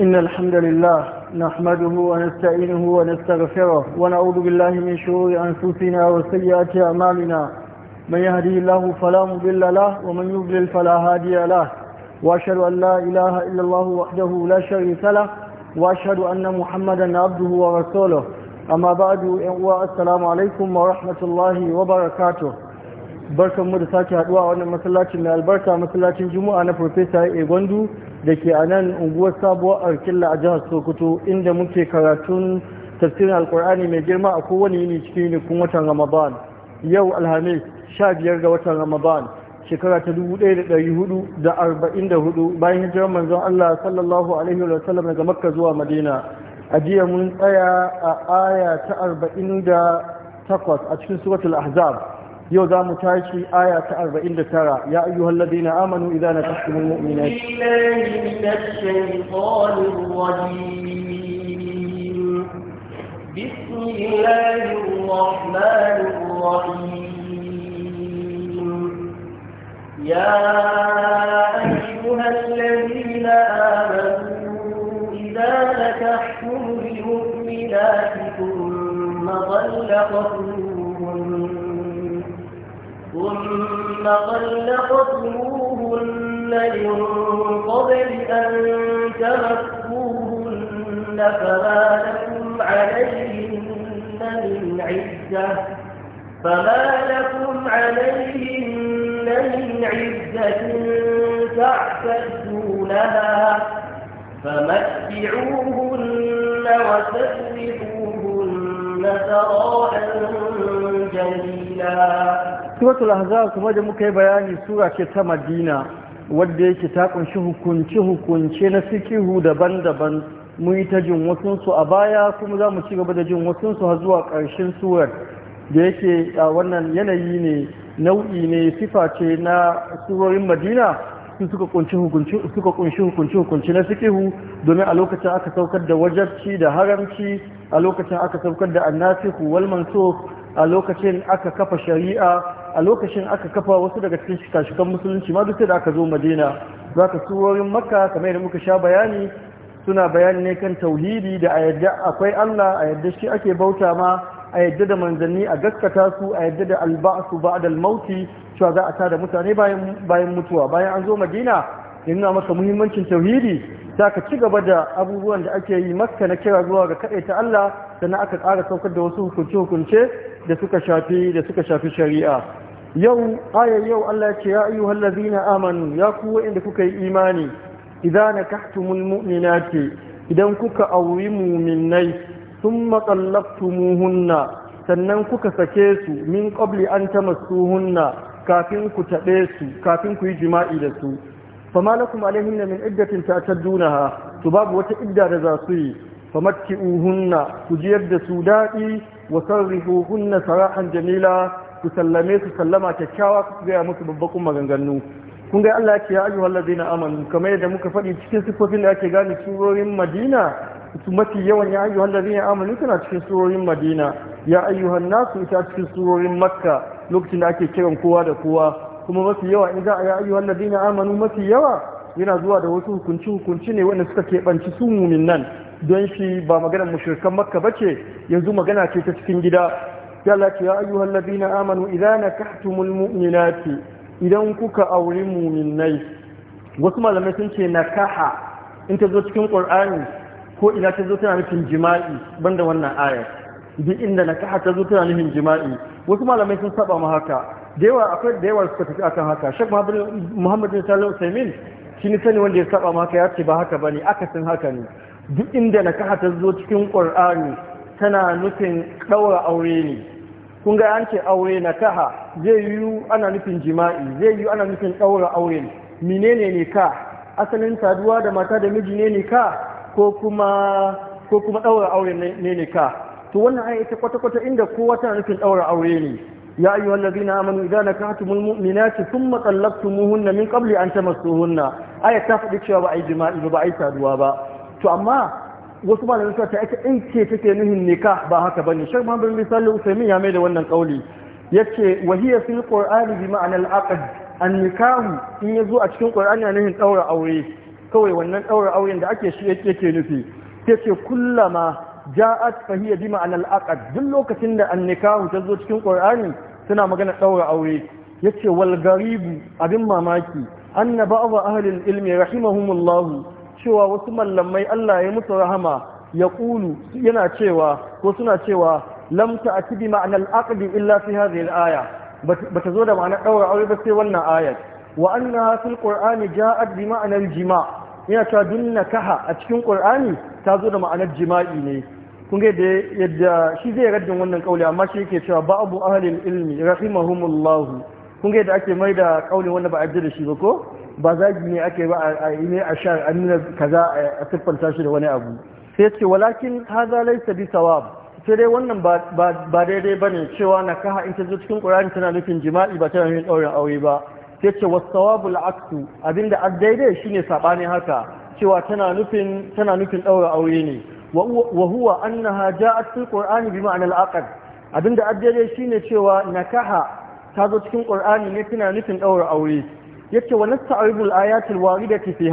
إن الحمد لله نحمده ونستعينه ونستغفره ونعوذ بالله من شرور أنفسنا وسيئات أعمالنا من يهدي الله فلا مضل له ومن يضلل فلا هادي له وأشهد أن لا إله إلا الله وحده لا شريك له وأشهد أن محمدا عبده ورسوله أما بعد السلام عليكم ورحمة الله وبركاته barkan mu da sake haduwa wannan masallacin mai albarka masallacin juma'a na professor Egwandu da ke a nan unguwar sabuwar arkilla a jihar sokoto inda muke karatun tafsirin alkur'ani mai girma a kowane yini cikin yinikun watan ramadan yau alhamis sha biyar ga watan ramadan shekara ta dubu ɗaya da ɗari hudu da arba'in da hudu bayan hijirar manzon allah sallallahu alaihi wa sallam daga makka zuwa madina a jiya mun tsaya a aya ta arba'in da takwas a cikin suratul ahzab يو ذا متعيش في آية أربعين لترى يا أيها الذين آمنوا إذا نتحكم المؤمنين أعوذ بالله من الشيطان الرجيم بسم الله الرحمن الرحيم يا أيها الذين آمنوا إذا نتحكم المؤمنات ثم ضل ثم طلقتموهن من قبل أن تمسوهن فما لكم عليهن من عزة فما لكم عليهن من عزة تعتدونها فمتعوهن وسرحوهن سراحا جميلا suratul ahzab kuma da muka yi bayani sura ce ta madina wadda yake ta kunshi hukunci hukunce na sikihu daban-daban mun yi ta jin wasunsu a baya kuma za mu ci gaba da jin wasunsu har zuwa ƙarshen surar da yake a wannan yanayi ne nau'i ne sifa ce na surorin madina suka kunshi hukunci hukunci na sikihu, domin a lokacin aka saukar da wajabci da haramci a lokacin aka saukar da annasihu wal a lokacin aka kafa shari'a a lokacin aka kafa wasu daga cikin shikashikan musulunci ma duk da aka zo madina za ka surorin makka kamar yadda muka sha bayani suna bayani ne kan tauhidi da a yadda akwai allah a yadda shi ake bauta ma a yadda da manzanni a gaskata su a yadda da alba'su ba'dal mauti cewa za a ta da mutane bayan mutuwa bayan an zo madina yana maka muhimmancin tauhidi za ka ci gaba da abubuwan da ake yi makka na kira zuwa ga kaɗai ta Allah sannan aka ƙara saukar da wasu hukunce-hukunce da suka shafi da suka shafi shari'a yau ayar yau Allah ce ya ayyuhal ladzina amanu ya ku wa'inda kuka yi imani idza nakahtumul mu'minati idan kuka auri mu'minai thumma tallaqtumuhunna sannan kuka sake su min qabli an tamassuhunna kafin ku taɓe su kafin ku yi jima'i da su fama lakum alaihinna min iddatin ta'taddunaha to babu wata idda da za su yi famatti'uhunna ku jiyar da su daɗi wa nasara sarahan jamila ku sallame su sallama kyakkyawa ku gaya musu babbakun maganganu kun ga Allah ya ce ya ayyuhal ladina amanu kamar yadda muka faɗi cikin sifofin da ake gane surorin Madina su mafi yawan ya ayyuhal ladina amanu tana cikin surorin Madina ya ayyuhan nasu ita cikin surorin Makka lokacin da ake kiran kowa da kowa kuma mafi yawa in za a ya ayyuhal ladina amanu mafi yawa yana zuwa da wasu hukunci hukunci ne wanda suka keɓanci su mumin nan don shi ba maganar mushrikan makka ba ce, yanzu magana ce ta cikin gida sai Allah ce ya ayyuhal ladina amanu idza nakahtumul mu'minati idan kuka auri mu'minai wasu malamai sun ce nakaha in ta zo cikin qur'ani ko ina ta zo tana nufin jima'i banda wannan ayar duk inda nakaha ta zo tana nufin jima'i wasu malamai sun saba mu haka da yawa akwai da yawa suka tafi akan haka shek muhammad bin salihu usaimin shi ne sani wanda ya saba maka ya ce ba haka bane akasin haka ne duk inda na kaha ta zo cikin ƙur'ani tana nufin ɗaura aure ne kun ga an ce aure na kaha zai yi ana nufin jima'i zai yi ana nufin ɗaura aure menene ne ka asalin saduwa da mata da miji ne ne ka ko kuma ko kuma ɗaura aure ne ne ka to wannan ai ita kwata-kwata inda kowa tana nufin ɗaura aure ne ya ayu allazina amanu idza nakahtumul mu'minati thumma tallaqtumuhunna min qabli an tamassuhunna aya ta faɗi cewa ba ai jima'i ba ba ai saduwa ba to amma wasu malamai suka ta ita in ce take nuhin nikah ba haka bane shek muhammad misali salih usaimin ya mai da wannan kauli yace wa fil qur'ani bi ma'anal aqd an nikahu in yazo a cikin qur'ani a nuhin daura aure kawai wannan daura auren da ake shi yake nufi yace kullama ja'at fa hiya bi ma'anal aqd duk lokacin da an nikahu ta zo cikin qur'ani suna magana daura aure yace wal garibu abin mamaki anna ba'd ahli al ilmi rahimahumullahu cewa wasu mallamai Allah ya musu rahama ya ƙulu yana cewa ko suna cewa lam ta'ti bi ma'anal aqdi illa fi hadhihi al-aya bata zo da ma'anar daura aure ba sai wannan ayat wa annaha fil qur'ani ja'at bi ma'anal jima' yana dunna kaha a cikin qur'ani ta zo da ma'anar jima'i ne kun ga yadda shi zai raddin wannan kauli amma shi yake cewa ba'abu ahlil ilmi rahimahumullah kun ga yadda ake mai da kauli wanda ba a da shi ba ko ba zagi ne ake ba a yi ne a sha a nuna kaza a siffanta shi da wani abu sai ce walakin haza laisa bi sawab sai dai wannan ba daidai ba ne cewa na kaha in ta zo cikin ƙur'ani tana nufin jima'i ba tana nufin ɗaurin aure ba sai ce wasawabu al'aktu abinda a daidai ne saɓani haka cewa tana nufin tana nufin ɗaurin aure ne wa huwa annaha ja'at fil qur'ani bi ma'anal aqd abinda a daidai shine cewa nakaha ta zo cikin ƙur'ani ne tana nufin ɗaurin aure yace wa nasta'ridu al-ayati al-waridati fi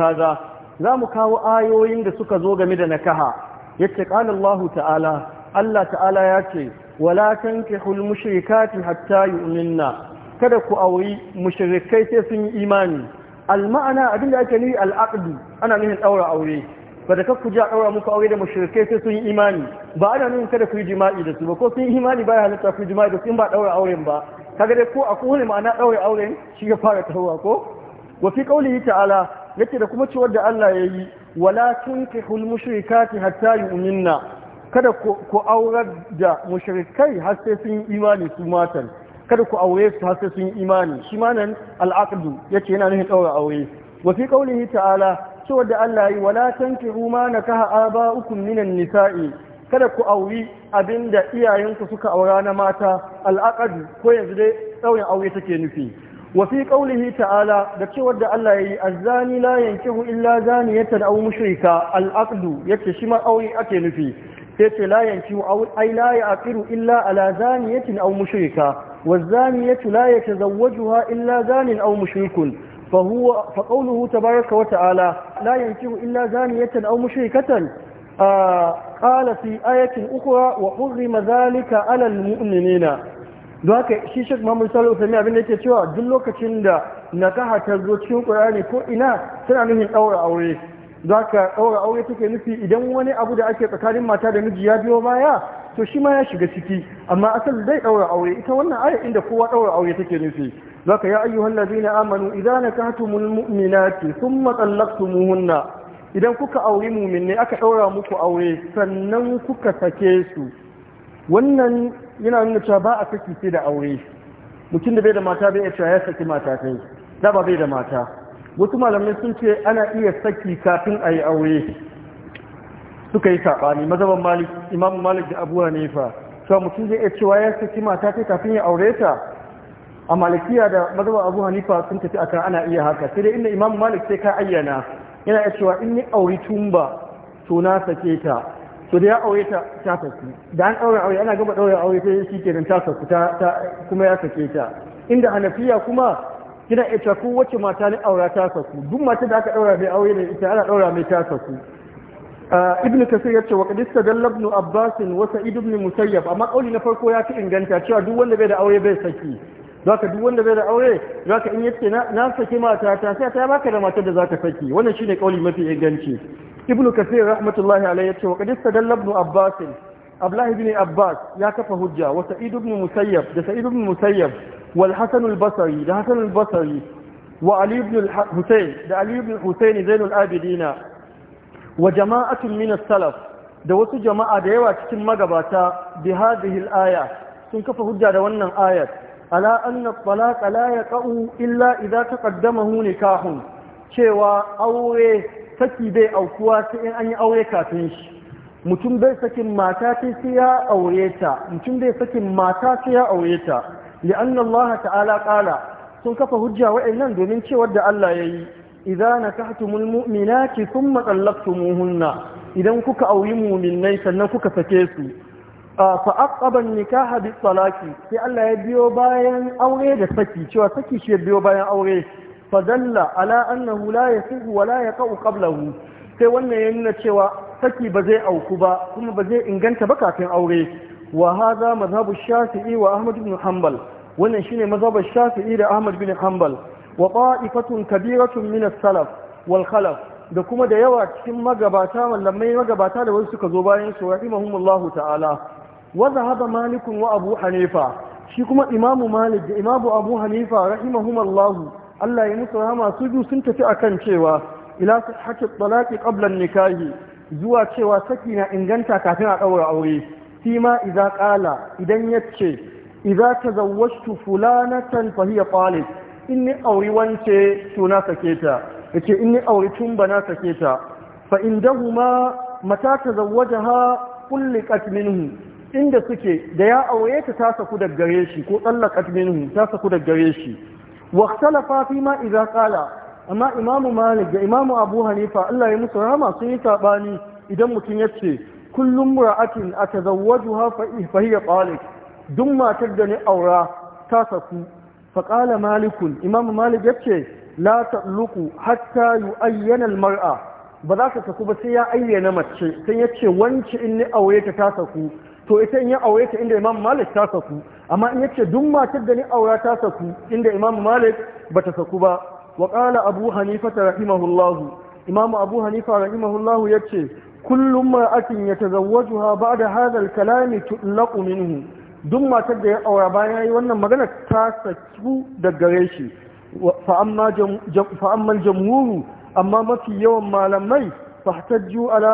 za mu kawo ayoyin da suka zo game da nakaha yace qala Allah ta'ala Allah ta'ala ce wala tankihul hulmushirikati hatta yu'minna kada ku auri mushirikai sai sun yi imani Alma'ana abin abinda ake nufi al ana nuhin ɗaura aure ba da kakku ja ɗaura muku aure da mushirikai sai sun yi imani ba ana nuhin kada ku yi jima'i da su ba ko sun yi imani ba ya halatta ku yi jima'i da su in ba ɗaura auren ba kaga dai ko a kone ma'ana ɗaure auren shi ya fara tahowa ko wa fi qaulihi ta'ala yake da kuma cewar da Allah ya yi wala tunkihul mushrikati hatta yu'minna kada ku aurar da mushrikai har sai sun imani su matan kada ku aure su har sai sun imani shi ma nan al'aqdu yace yana nufin ɗaura aure wa fi qaulihi ta'ala cewar da Allah ya yi wala tankihu ma nakaha aba'ukum minan nisa'i kada ku auri abin da iyayenku suka aura na mata al'aqadu ko yanzu dai tsaurin aure take nufi wa fi qaulihi ta'ala da cewar da Allah yayi azzani la yankihu illa zaniyatan aw mushrika al'aqdu yace shi ma aure ake nufi sai ce la yankihu aw ay la yaqiru illa ala zaniyatin aw mushrika wa zaniyatu la yatazawwajuha illa zanin aw mushrikun فهو فقوله تبارك وتعالى لا ينكه إلا زانية أو مشركة قال في آية أخرى وحرم ذلك على المؤمنين don haka shi shek mamun salo sami abin da yake cewa duk lokacin da nakaha ta zo cikin qur'ani ko ina tana nufin ɗaura aure don haka ɗaura aure take nufi idan wani abu da ake tsakanin mata da miji ya biyo baya to shi ma ya shiga ciki amma asali zai ɗaura aure ita wannan aya inda kowa ɗaura aure take nufi don haka ya ayyuhan ladina amanu idan nakahtumul mu'minati thumma talaqtumuhunna idan kuka auri ne aka ɗaura muku aure sannan kuka sake su wannan yana nuna cewa ba a saki sai da aure mutum da bai da mata bai cewa ya saki mata kai da ba bai da mata wasu malamai sun ce ana iya saki kafin a yi aure suka yi saɓani mazaban malik imam malik da abu fa? cewa mutum zai iya cewa ya saki mata kai kafin ya aure ta a malikiya da mazaban abu hanifa sun tafi akan ana iya haka sai dai inda imam malik sai ka ayyana yana ya cewa in ni aure tumba to na sake ta to da ya aure ta ta saki da an aure aure ana gaba daure aure sai shi kenan ta saku ta kuma ya sake ta inda hanafiya kuma kina iya cewa wacce mata ne aura ta saku duk mata da aka daura mai aure ne ita ana daura mai ta saku ibn kasir ya ce wa kadista istadalla ibn abbas wa sa'id ibn musayyab amma kauli na farko ya fi inganta cewa duk wanda bai da aure bai saki zaka duk wanda bai da aure zaka in yace na saki mata ta sai ta baka da matar da zaka saki wannan shine kauli mafi inganci ibnu kasir rahmatullahi alayhi yace wa qad istadalla ibn abbas abdullah ibn abbas ya kafa hujja wa sa'id ibn musayyab da sa'id ibn musayyab wal hasan al basri da hasan al basri wa ali ibn al husayn da ali ibn husayn zainul abidina wa jama'atun min as-salaf da wasu jama'a da yawa cikin magabata bi hadhihi al-aya sun kafa hujja da wannan ayat ala anna talaq la yaqa'u illa idza taqaddamahu nikahun cewa aure saki bai aukuwa sai in an yi aure kafin shi mutum bai sakin mata sai ya aure ta mutum bai sakin mata sai ya aure ta li'anna Allah ta'ala qala sun kafa hujja wa'annan domin cewa da Allah yayi idza nakahtumul mu'minati thumma tallaqtumuhunna idan kuka auri mu'minai sannan kuka sake su fa'aqaba nikaha bi talaqi sai Allah ya biyo bayan aure da saki cewa saki shi biyo bayan aure fadalla ala annahu la yasihu wa la yaqau qablahu sai wannan ya nuna cewa saki ba zai auku ba kuma ba zai inganta ba kafin aure wa hadha shafi'i wa ahmad ibn hanbal wannan shine mazhabar shafi'i da ahmad bin hanbal wa qa'ifatun kabiratun min as-salaf wal khalaf da kuma da yawa cikin magabata mallamai magabata da wasu suka zo bayan su rahimahumullahu ta'ala wa zahaba malik wa abu hanifa shi kuma imamu malik da imamu abu hanifa rahimahumallahu Allah ya musu rahama su biyu sun tafi akan cewa ila sihhati talaƙi qabla nikahi zuwa cewa saki na inganta kafin a daura aure ma idza qala idan yace idza tazawwajtu fulanatan fa hiya talib inni auri wance to na sake ta yace inni auri tumba na sake ta fa indahuma mata tazawwajaha kulliqat minhu inda suke da ya aure ta ta saku da gare shi ko tsallaka minhu ta saku daga gare shi wa khalafa fi ma idza qala amma imamu malik da imamu abu hanifa Allah ya musu rahama sun yi sabani idan mutum ya ce kullum mura'atin atazawwajuha fa hiya talik duk matar da ni aura ta saku fa qala malikun imamu malik yace la ta'luqu hatta yu'ayyana al-mar'a ba za ka saku ba sai ya ayyana mace sai ya ce wance in ni aure ta ta saku to ita in ya aure ta inda imam malik ta saku amma in yace duk matar da ni aura ta saku inda imam malik bata saku ba wa qala abu hanifa rahimahullah imam abu hanifa rahimahullah yace ya mar'atin yatazawwajuha ba'da hadha al-kalam tutlaqu minhu duk matar da ya aura bayan yayi wannan magana ta saku daga gare shi fa amma fa amma jamhuru amma mafi yawan malamai fahtajju ala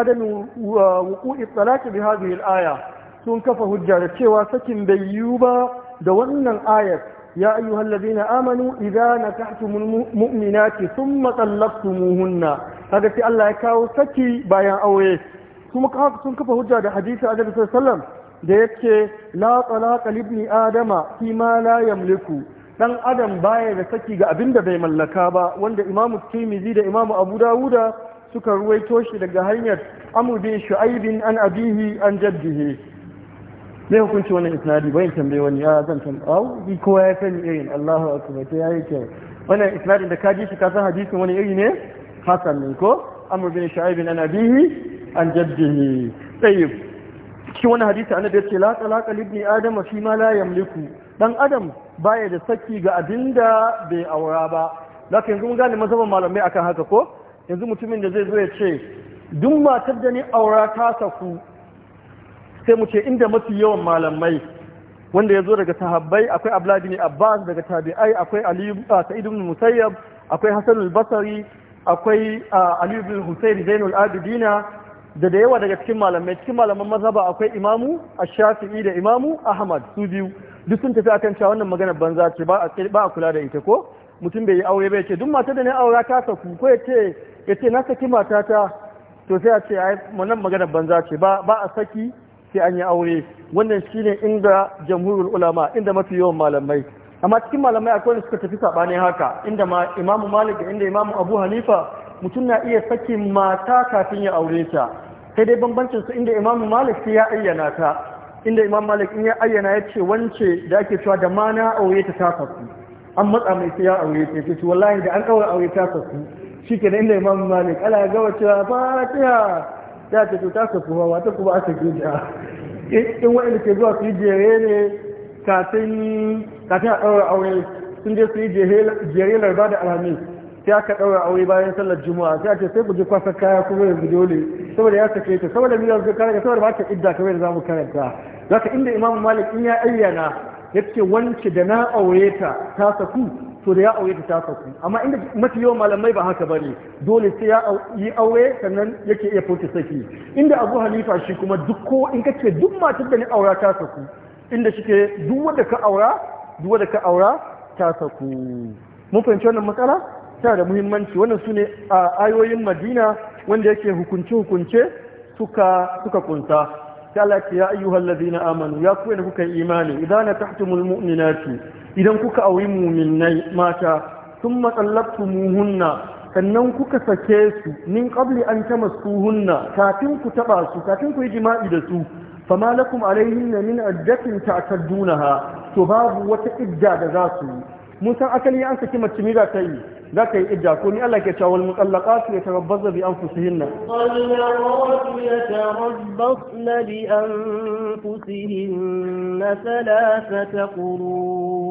adam wuqu'i talaq bi hadhihi sun kafa hujja da cewa sakin bai yiwu ba da wannan ayat ya ayyuhal na amanu idza nakahtumul mu'minati thumma talaqtumuhunna kaga sai Allah ya kawo saki bayan aure sun kafa hujja da hadisi a sallallahu alaihi da yake la talaqa adama fi ma la yamliku dan adam baya da saki ga abin da bai mallaka ba wanda imamu timizi da imamu abu dawuda suka ruwaito shi daga hanyar Amurbin bin shu'aibin an abihi an jaddihi me hukunci wannan isnadi bayan tambaye wani ya zan tambau bi kowa ya sani irin Allahu akbar to yayi kyau wannan isnadi da kaji shi ka san hadisin wani iri ne hasan ne ko Amurbin bin shu'aibin an abihi an jaddihi tayyib shi wannan hadisi annabi ya ce la talaqa libni adam fi ma la yamliku dan adam baya da saki ga abinda bai aura ba zaka yanzu mun gane mazhaban malamai akan haka ko yanzu mutumin da zai zo ya ce duk matar da ni aura ta saku sai mu ce inda mafi yawan malamai wanda ya zo daga sahabbai akwai abdullahi ne abbas daga tabi'ai akwai sa'idun musayyab akwai Hassanul basari akwai alibin ibn husayn zainul abidina da da yawa daga cikin malamai cikin malaman mazhaba akwai imamu a shafii da imamu ahmad su biyu duk sun tafi akan cewa wannan magana banza ce ba a kula da ita ko mutum bai yi aure bai ce duk matar da ne aura ta saku ko ya ce ya ce na saki matata to sai a ce a yi manan magana banza ce ba a saki sai an yi aure wannan shine inda jamhuriyar ulama inda mafi yawan malamai amma cikin malamai akwai da suka tafi sabanin haka inda ma imamu malik da inda imamu abu hanifa mutum na iya sakin mata kafin ya aure ta sai dai bambancin su inda imamu malik sai ya ayyana ta inda imam malik in ya ayyana ya ce wance da ake cewa da ma na aure ta ta an matsa mai sai ya aure ta ya ce wallahi da an kawai aure ta sasu shi ke nan imam malik ala ga cewa fatiha ta ce ta ka kuma wata kuma aka gida in wa'in ke zuwa su yi jere ne kafin a ɗaura aure sun je su yi jere larba da alhamis sai aka ɗaura aure bayan sallar juma'a sai ce sai ku je kwasa kaya kuma yanzu dole saboda ya sake ta saboda miliyar yanzu karanta saboda ba ta idda kamar da za mu karanta zaka inda imam malik in ya ayyana ya ce wance da na aure ta ta saku to da ya aure ta tafa ku amma inda mafi yawan malamai ba haka bane dole sai ya yi aure sannan yake iya furta saki inda Abu halifa shi kuma duk ko in kace duk matar da ni aura ta saku inda shike duk wanda ka aura duk wanda ka aura ta saku mun fahimci wannan matsala tana da muhimmanci wannan sune a ayoyin Madina wanda yake hukunce hukunce suka suka kunsa talaka ya ayyuhal na amanu ya ku kuka yi imani idan nakahtumul mu'minati idan kuka auri mu'minai mata thumma tallaqtumuhunna sannan kuka sake su min qabli an tamassuhunna kafin ku taɓa su kafin ku yi jima'i da su fama lakum alaihinna min addatin ta'taddunaha to babu wata idda da za su yi mun san asali an saki mace mira ta yi za ka yi idda ko ni Allah ke cewa wal muqallaqatu yatarabbasna bi anfusihinna muqallaqatu yatarabbasna bi anfusihinna thalathata quru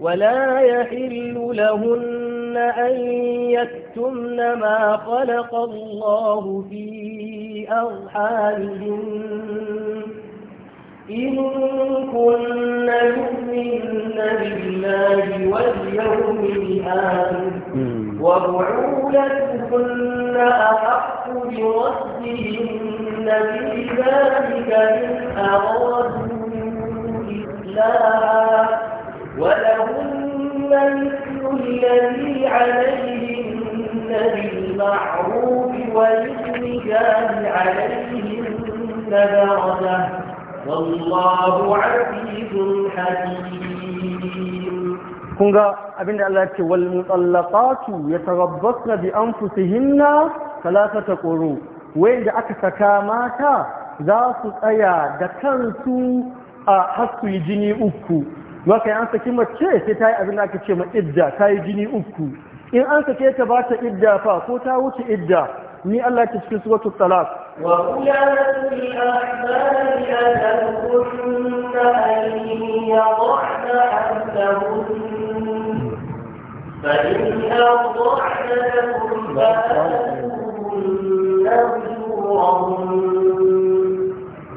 ولا يحل لهن أن يكتمن ما خلق الله في أرحامهن إن كنا نؤمن بالله واليوم الآخر وبعولتهن أحق بردهن في ذلك إن أرادوا إصلاحا ولهن مثل الذي عليهن بالمعروف وللرجال عليهن درجة kun ga حكيم kunga abinda Allah ya ce wal mutallaqatu yatarabbasna bi anfusihinna salatata quru wayanda aka saka mata za su tsaya da kansu a hasu yi jini uku maka an saki mace sai ta yi abin da aka ce ma idda ta yi jini uku in an sake ta ba ta idda fa ko ta wuce idda ni Allah ya ce cikin suratul talaq وأولاد الأحباب أجلهن أن يضعن أهلهن فإن أرضعن لكم فآتوهن أجورهن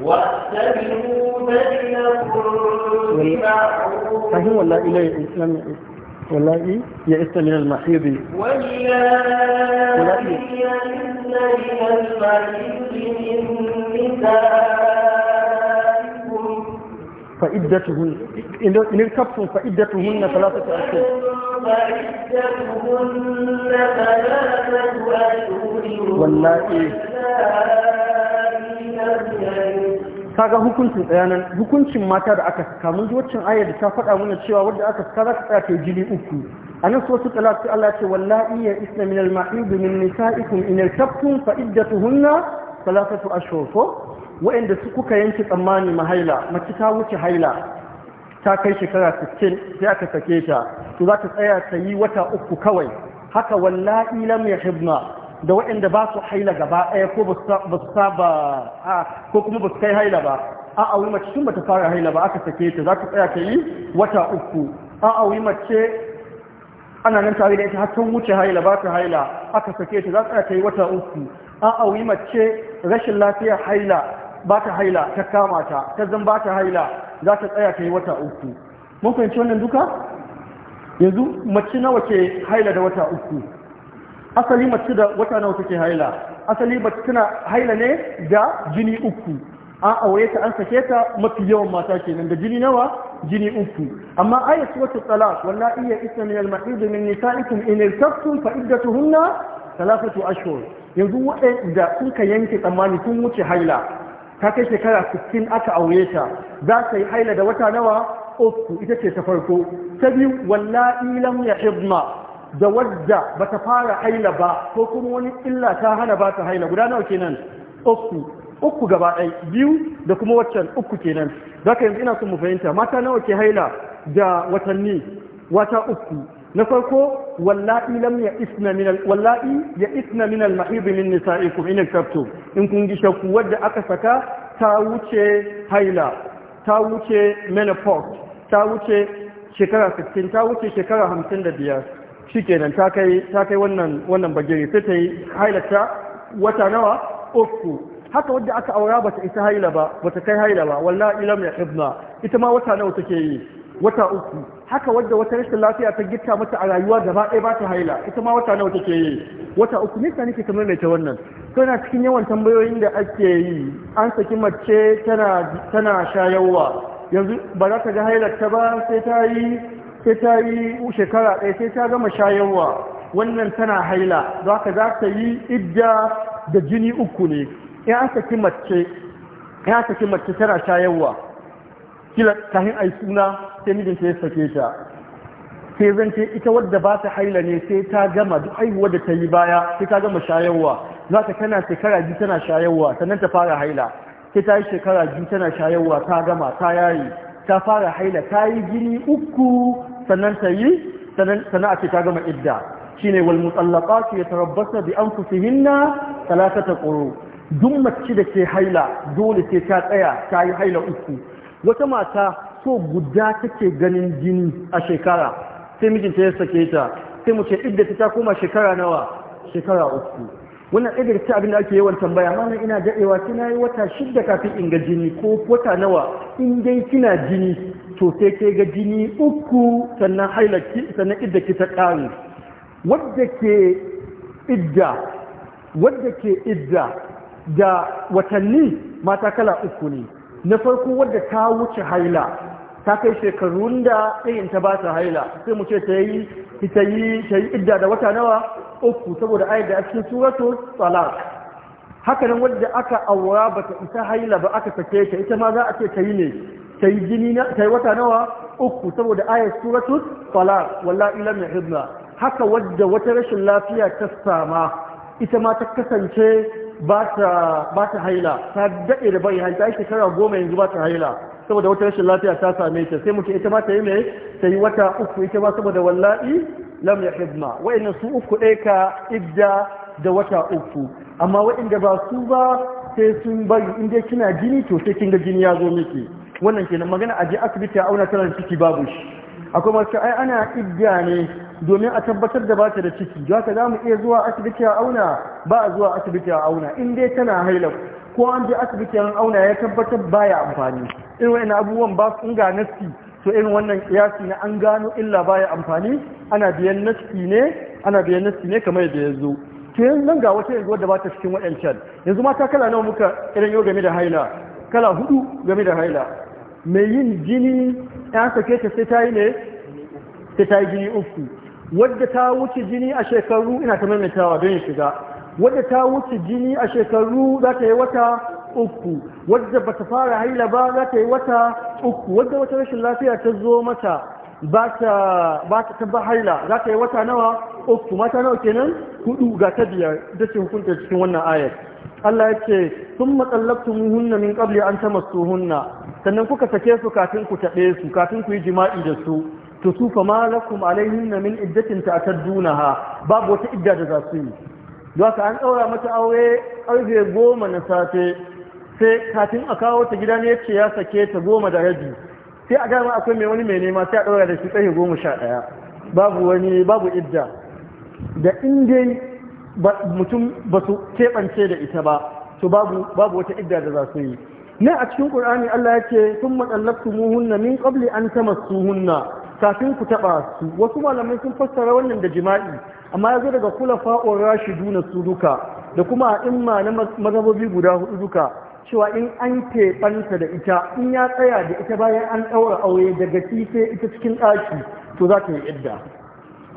واعتبروا بينكم بمعروف فهم ولا إليه واللائي يئس من المحيض واللائي يئسن من المحيض من نسائكم فعدتهن إن ارتبتم فعدتهن ثلاثة أشهر فعدتهن ثلاثة أشهر واللائي لم يلدن kaga hukuncin tsayanan hukuncin mata da aka saka mun ji waccan ayar da ta faɗa mana cewa wanda aka saka za ka tsaya ta jini uku A so su talaka Allah ce wallahi ya isna min al-ma'id min nisa'ikum in irtabtum fa iddatuhunna thalathatu ashhur ko wa'anda su kuka yanke tsammani mahaila mace ta wuce haila ta kai shekara 60 sai aka sake ta to za ta tsaya ta yi wata uku kawai haka wallahi lam yahibna da waɗanda ba su haila gaba ɗaya ko ba su saba ko kuma ba su kai haila ba a auri mace tun ba ta fara haila ba aka sake ta za ta tsaya ta yi wata uku a auri mace ana nan tare da ita har tun wuce haila ba ta haila aka sake ta za ta ta yi wata uku an auri mace rashin lafiyar haila ba ta haila ta kama ta ta zan ba ta haila za ta tsaya ta yi wata uku mun fahimci wannan duka yanzu mace nawa ke haila da wata uku asali mace da wata nawa take haila asali mace tana haila ne da jini uku an aure ta an sake ta mafi yawan mata kenan da jini nawa jini uku amma ayat wata talaq walla iya isna min al-mahid min nisa'ikum in irtabtum fa iddatuhunna thalathatu ashhur yanzu waɗanda sun ka yanke tsammani sun wuce haila ta kai shekara 60 aka aure ta za ta yi haila da wata nawa uku ita ce ta farko ta biyu walla ilam ya hibma da wadda ba ta fara haila ba ko kuma wani illa ta hana ba ta haila guda nawa kenan uku uku gaba ɗai biyu da kuma waccan uku kenan za ka yanzu ina son mu fahimta mata nawa ke haila da watanni wata uku na farko wallahi lam ya isna min al wallahi ya isna min al mahib min nisa'ikum in kun gi shakku wadda aka saka ta wuce haila ta wuce menopause ta wuce shekara 60 ta wuce shekara 55 shikenan ta kai ta kai wannan bagiri sai ta yi hailata wata nawa uku haka wadda aka aura bata isa haila ba ta kai haila ba walla ilam ya ibna ita ma wata nawa take yi wata uku haka wadda wata rashin lafiya ta gitta mata a rayuwa gaba ɗaya ba ta haila ita ma wata nawa take yi wata uku nisa nake kamar mai ta wannan to na cikin yawan tambayoyin da ake yi an saki mace tana tana shayarwa yanzu ba za ta ga hailar ta ba sai ta yi sai ta yi shekara ɗaya sai ta gama shayarwa wannan tana haila za ka za ta yi idda da jini uku ne ya ki mace ya saki mace tana shayarwa kila kahin ai suna sai ta ya sake ta sai zan ce ita wadda ba ta haila ne sai ta gama duk haihuwar da ta yi baya sai ta gama shayarwa za ta tana shekara biyu tana shayarwa sannan ta fara haila sai ta yi shekara biyu tana shayarwa ta gama ta yayi ta fara haila ta yi gini uku sannan ta yi sannan a ce ta gama idda Shi shine wal mutallaqatu tarabbasa bi anfusihinna ta ƙoro. duk mace da ke haila dole sai ta tsaya ta yi haila uku wata mata so guda take ganin gini a shekara sai mijinta ya sake ta sai mu ce idda ta koma shekara nawa shekara uku wannan ɗaya daga cikin abin da ake yawan tambaya mana ina daɗewa kina yi wata shidda kafin in ga jini ko wata nawa in dai kina jini to sai ke ga jini uku sannan hailaki sannan idda ki ta ƙari wadda ke idda wadda ke idda da watanni mata kala uku ne na farko wadda ta wuce haila ta kai shekarun da ɗayin ta ba ta haila sai mu ce ta yi ta yi idda da wata nawa uku saboda ayar da a cikin suratu haka wadda aka aura bata isa haila ba aka sake ta ita ma za a ce ta yi ne ta jini na ta wata nawa uku saboda ayar suratu talaq wallahi lam yahidna haka wadda wata rashin lafiya ta sama ita ma ta kasance ba ta haila ta daɗe da bai haila ta shekara goma yanzu ba ta haila saboda wata rashin lafiya ta same ta sai mutum ita ma ta yi mai ta wata uku ita ma saboda wallahi lam ya hidma wa'annan su uku ɗaya ka idda da wata uku amma wa'inda ba su ba sai sun bari inda dai kina jini to sai kinga ga jini ya zo miki wannan kenan magana a aje asibiti a auna tana ciki babu shi akwai masu ai ana idda ne domin a tabbatar da bata da ciki za ka iya zuwa asibiti a auna ba a zuwa asibiti a auna in dai tana haila ko an je asibiti an auna ya tabbatar baya amfani irin waina abubuwan ba su ga to irin wannan kiyasi na an gano illa baya amfani ana biyan nasti ne ana biyan nasfi ne kamar da ya to yanzu nan ga wata yanzu wadda ba ta cikin waɗancan yanzu mata kala nawa muka irin yau game da haila kala hudu game da haila mai yin jini ya sake ta sai ta yi ne sai ta yi jini uku wadda ta wuce jini a shekaru ina ta maimaitawa don ya shiga wadda ta wuce jini a shekaru za ta yi wata uku wadda bata fara haila ba za ta yi wata uku wadda wata rashin lafiya ta zo mata ba ta taba haila za ta yi wata nawa uku mata nawa kenan hudu ga ta biyar da ce hukunta cikin wannan ayat Allah ya ce sun matsallabtu hunna min kabli an su hunna sannan kuka sake su kafin ku taɓe su kafin ku yi jima'i da su to su fa malakum alaihinna min iddatin ta'taddunaha babu wata idda da za su yi an ɗaura mata aure ƙarfe goma na safe sai kafin a kawo ta gida ne ya ce ya sake ta goma da rabi sai a dama akwai mai wani mai nema sai a ɗaura da shi tsaye goma sha ɗaya babu wani babu idda da inda mutum ba su keɓance da ita ba to babu wata idda da za su yi ne a cikin ƙur'ani Allah ya ce sun matsallaktu muhunna min qabli an su hunna kafin ku taɓa su wasu malamai sun fassara wannan da jima'i amma ya zo daga kula rashi na su duka da kuma a imma na mazhabobi guda hudu duka cewa in an keɓanta da ita in ya tsaya da ita bayan an ɗaura aure daga sai ita cikin ɗaki to za ta yi idda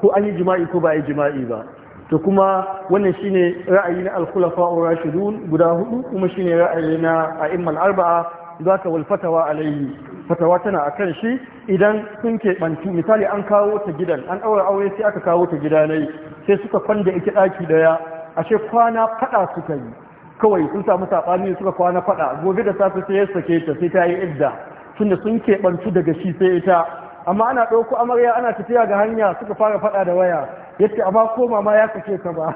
ko an yi jima'i ko ba yi jima'i ba to kuma wannan shine ra'ayi na al-khulafa rashidun guda hudu kuma shine ra'ayi na a'immal arba'a zaka wal fatawa alayhi fatawa tana a kan shi idan sun keɓantu misali an kawo ta gidan an ɗaura aure sai aka kawo ta gida nai sai suka kwanda ita ɗaki ɗaya, ashe kwana faɗa suka yi kawai sun samu saɓani suka kwana faɗa gobe da safe sai ya sake ta sai ta yi idda tunda sun keɓantu daga shi sai ita amma ana ɗauko amarya ana tafiya ga hanya suka fara faɗa da waya yace amma ko mama ya sake ka ba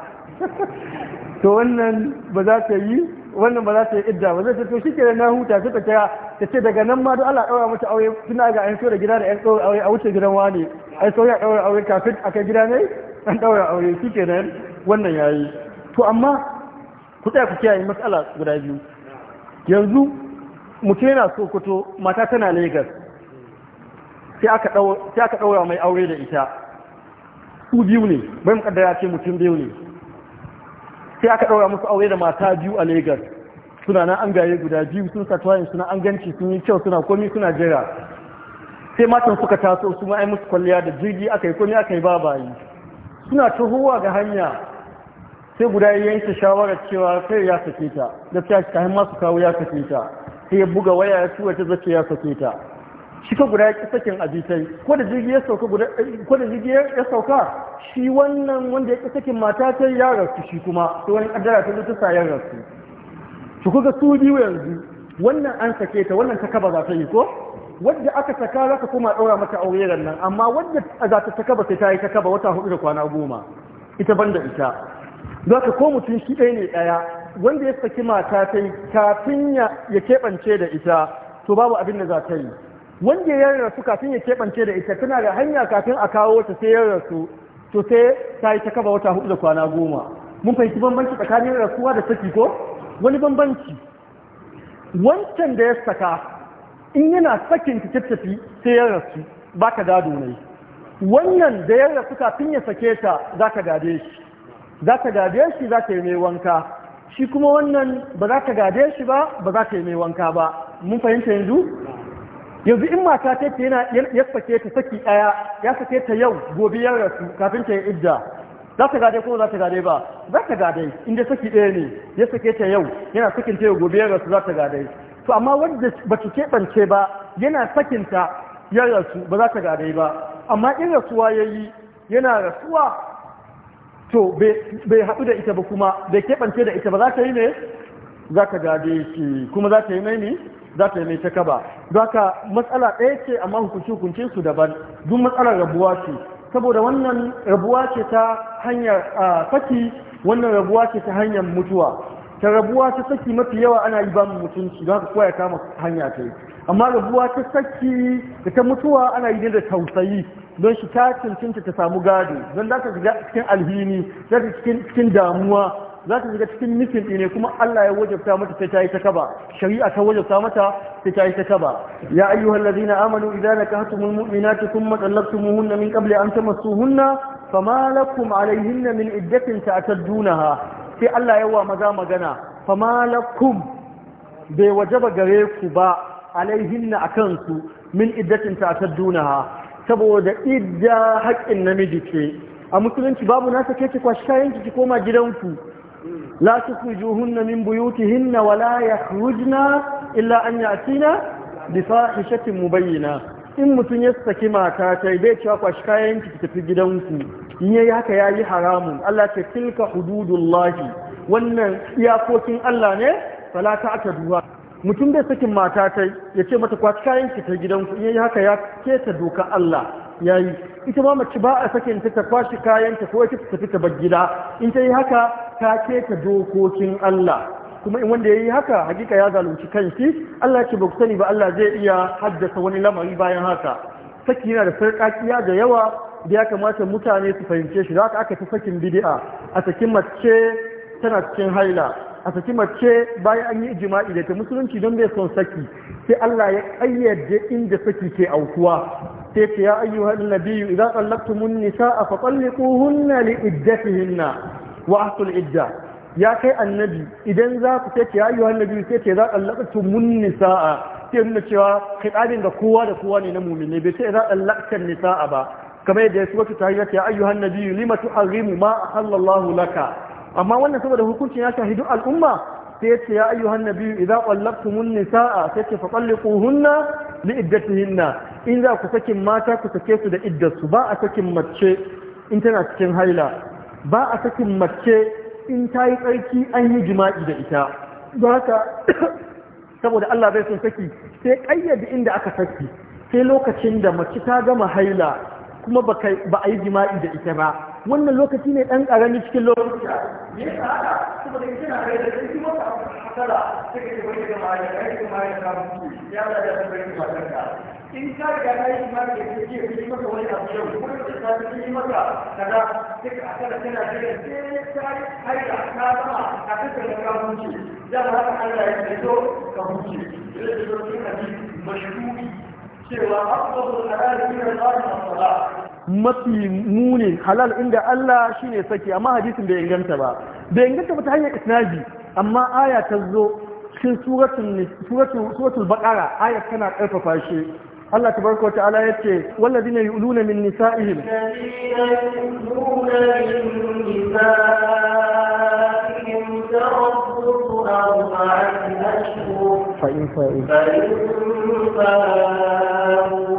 to wannan ba za ta yi wannan ba za ta yi idda ba zai ce to shike na huta ta kira ta ce daga nan ma duk Allah ɗaura mata aure suna ga an so da gida da 'yan ɗaura aure a wuce gidan wani ai so ya ɗaura aure kafin a kai gida ne an ɗaura aure shike nan wannan yayi to amma ku ku kiyaye matsala guda biyu yanzu mutum yana sokoto mata tana lagos sai aka ɗaura mai aure da ita su biyu ne bai mukaddara ce mutum biyu ne sai aka ɗaura musu aure da mata biyu a lagos suna na an gaye guda biyu sun sa tuwayin suna an ganci sun yi kyau suna komi suna jira sai matan suka taso su ma'ai musu kwalliya da jirgi aka yi komi aka yi babayi suna tuhuwa ga hanya sai guda ya yanke shawarar cewa kai ya sake ta gaskiya shi kayan masu kawo ya sake ta sai ya buga waya ya tura ta zace ya sake ta shi ka guda ya sakin abitai ko da jirgi ya sauka guda ko da jirgi ya sauka shi wannan wanda ya sakin mata ta ya rasu shi kuma sai wani kaddara ta zuta sa ya rasu shi kuga su biyu yanzu wannan an sake ta wannan ta kaba za ta yi ko wadda aka saka za ka koma ɗaura mata aure nan amma wadda za ta saka ba sai ta yi ta kaba wata hudu da kwana goma ita ban da ita don ko mutum shi ɗaya ne ɗaya wanda ya saki mata ta yi kafin ya keɓance da ita to babu abin da za ta yi wanda ya rasu kafin ya keɓance da ita tana da hanya kafin a kawo wata sai ya rasu to sai ta yi ta kaba wata hudu da kwana goma mun fahimci bambanci tsakanin rasuwa da saki ko wani bambanci wancan da ya saka in yana sakin ta sai ya rasu ba ka gado ne wannan da ya rasu kafin ya sake ta za ka gade shi za ka gade shi za ka yi mai wanka shi kuma wannan ba za ka gade shi ba ba za ka yi mai wanka ba mun fahimta yanzu yanzu in mata ta yana ya sake ta saki ɗaya ya sake ta yau gobe ya rasu kafin ta yi idda za ta gade ko za ta gade ba za ta gade inda saki ɗaya ne ya sake ta yau yana sakin ta yau gobe ya rasu za ta gade to amma wanda ba ta keɓance ba yana sakin ta ya rasu ba za ta gade ba amma in rasuwa ya yi yana rasuwa to bai haɗu da ita ba kuma bai keɓance da ita ba za ka yi ne za ka gade shi kuma za ta yi mai ne za ta yi mai taka ba za ka matsala ɗaya ce amma hukunci hukunci su daban duk matsalar rabuwa ce saboda wannan rabuwa ce ta hanyar saki wannan rabuwa ce ta hanyar mutuwa ta rabuwa ta saki mafi yawa ana yi ba mu mutunci haka kowa ya kama hanya ta yi amma rabuwa ta saki da ta mutuwa ana yi da tausayi don shi ta cincinta ta samu gado don za ta shiga cikin alhini za ta cikin damuwa za ta shiga cikin mitin ne kuma Allah ya wajabta mata sai ta yi ta kaba shari'a ta wajabta mata sai ta yi ta kaba ya ayyuhal ladina amanu idza nakahtumul mu'minati thumma talaqtumuhunna min qabli an tamassuhunna fama lakum alayhinna min iddatin ta'taddunaha sai Allah ya wa maza magana fama lakum bai wajaba gare ku ba alaihinna a kansu min iddatin ta taddunaha saboda idda haƙƙin namiji ce a musulunci babu na sake ki kwashi kayan ki koma gidanku la tukhrijuhunna min hinna wa la yakhrujna illa an ya'tina bi fahishatin mubayyina in mutum ya saki mata ta bai cewa kwashi kayan ki tafi gidanku in yayi haka yayi haramun Allah ta tilka hududullahi wannan iyakokin Allah ne fala ta mutum bai sakin mata ta ya ce mata kwaci kayan ta gidanku in yayi haka ya keta doka Allah ya yi ita ma mace ba a sakin ta kwaci kwashi kayan ta ko ta tafi ta gida in ta yi haka ta keta dokokin Allah kuma in wanda ya yi haka hakika ya zalunci kanshi Allah ce ba ku sani ba Allah zai iya haddasa wani lamari bayan haka saki yana da sarƙaƙiya da yawa da ya kamata mutane su fahimce shi da haka aka fi sakin bid'a a sakin mace tana cikin haila a saki mace bayan an yi jima'i da ta musulunci don bai son saki sai Allah ya kayyade inda saki ke aukuwa sai ce ya ayyuha annabiyyu idza tallaqtumun nisaa fa talliquhunna li iddatihinna wa ahsul idda ya kai annabi idan za ku sai ce ya ayyuha annabiyyu sai ce idza tallaqtumun nisaa sai nuna cewa kitabin da kowa da kowa ne na mu'mini bai sai idza tallaqtan nisaa ba kamar yadda ya suwata ta yi ya ayyuhan nabiyyu lima tuharrimu ma ahallallahu laka amma wannan saboda hukuncin ya shahidu al'umma sai ya ce ya ayyuhan nabiyyu idza qallaqtumun nisaa sai ce fa talliquhunna li iddatihinna in za ku sakin mata ku sake su da iddarsu ba a sakin mace in tana cikin haila ba a sakin mace in ta yi tsarki an yi jima'i da ita don haka saboda Allah bai son saki sai kayyade inda aka saki sai lokacin da mace ta gama haila kuma ba a yi jima'i da ita ba wannan lokaci ne ɗan ƙarami cikin lokaci in ka riga da yi wani da ta ta da da haka to ka cewa afdalul halal min al mafi munin halal inda Allah shi ne saki amma hadisin bai inganta ba bai inganta ba ta hanyar isnadi amma aya ta zo cikin suratul suratul baqara aya tana karfafa shi Allah tabaraka wa ta'ala yace walladina yuluna min nisa'ihim yuluna min nisa'ihim فإن فائوا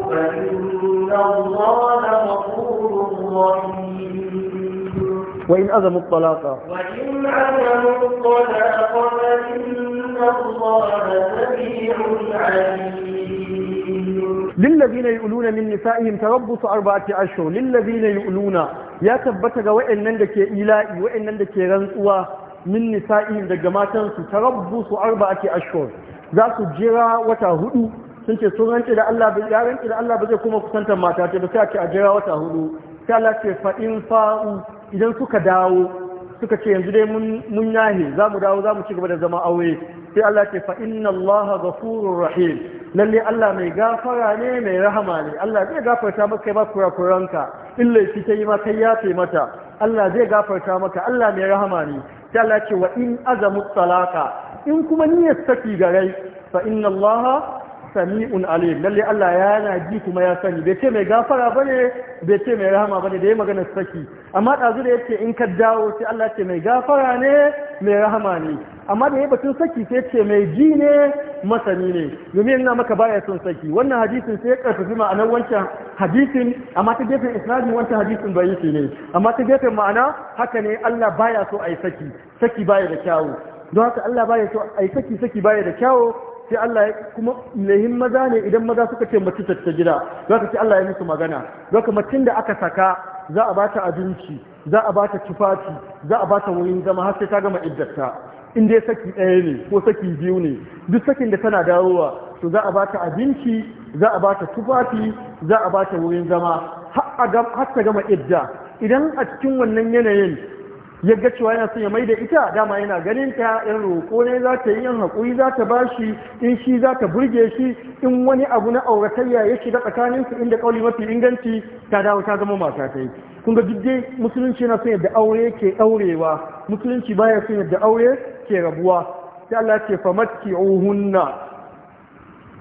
فإن الله غفور رحيم وإن أذموا الطلاق وإن أذموا الطلاق فإن الله سميع عليم للذين يؤلون من نسائهم تربص أربعة أشهر للذين يؤلون يا tabbata وإن wa'annan da ke ila'i wa'annan da ke rantsuwa min nisa'ihim daga matansu arba ake ashhur za su jira wata hudu sun ce sun rance da Allah bai ya rance da Allah ba zai kuma kusanta mata ta ba sai a ce a jira wata hudu sai Allah ce fa in fa'u idan suka dawo suka ce yanzu dai mun mun yahe za mu dawo za mu ci gaba da zama aure sai Allah ce fa inna Allah ghafurur rahim lalle Allah mai gafara ne mai rahama ne Allah zai gafarta maka ba kurakuranka illa shi ta yi kai yafe mata Allah zai gafarta maka Allah mai rahama ne Talaki ce wa in azamu talaka in kuma niyyar saki garai fa inna allaha sami'un alim lalle Allah ya yana ji kuma ya sani bai ce mai gafara bane bai ce mai rahama bane da ya magana saki amma dazu da yace in ka dawo sai Allah ce mai gafara ne mai rahama ne amma da ya batun saki sai ce mai ji ne masani ne domin ina maka baya son saki wannan hadisin sai ya karfafi ma'anar wancan hadisin amma ta gefen isnadin wancan hadisin bai yi ne amma ta gefen ma'ana haka ne Allah baya so ai saki saki baya da kyawu don haka Allah baya so ai saki saki baya da kyawu sai Allah ya kuma lehin maza ne idan maza suka ce mace ta gida zaka ce Allah ya musu magana zaka macin da aka saka za a bata abinci za a bata tufafi za a bata wurin zama har sai ta gama iddarta in dai saki ɗaya ne ko saki biyu ne duk sakin da tana dawowa to za a bata abinci za a bata tufafi za a bata wurin zama har ta gama idda idan a cikin wannan yanayin yadda cewa yana son ya mai da ita dama yana ganin ta yan roƙo ne za ta yi yan haƙuri za ta ba shi in shi za ta burge shi in wani abu na auratayya ya shiga tsakanin su inda kauli mafi inganci ta dawo ta zama mata ta yi kun ga duk dai musulunci yana son yadda aure ke ɗaurewa musulunci baya son yadda aure ke rabuwa sai Allah ce famatti'uhunna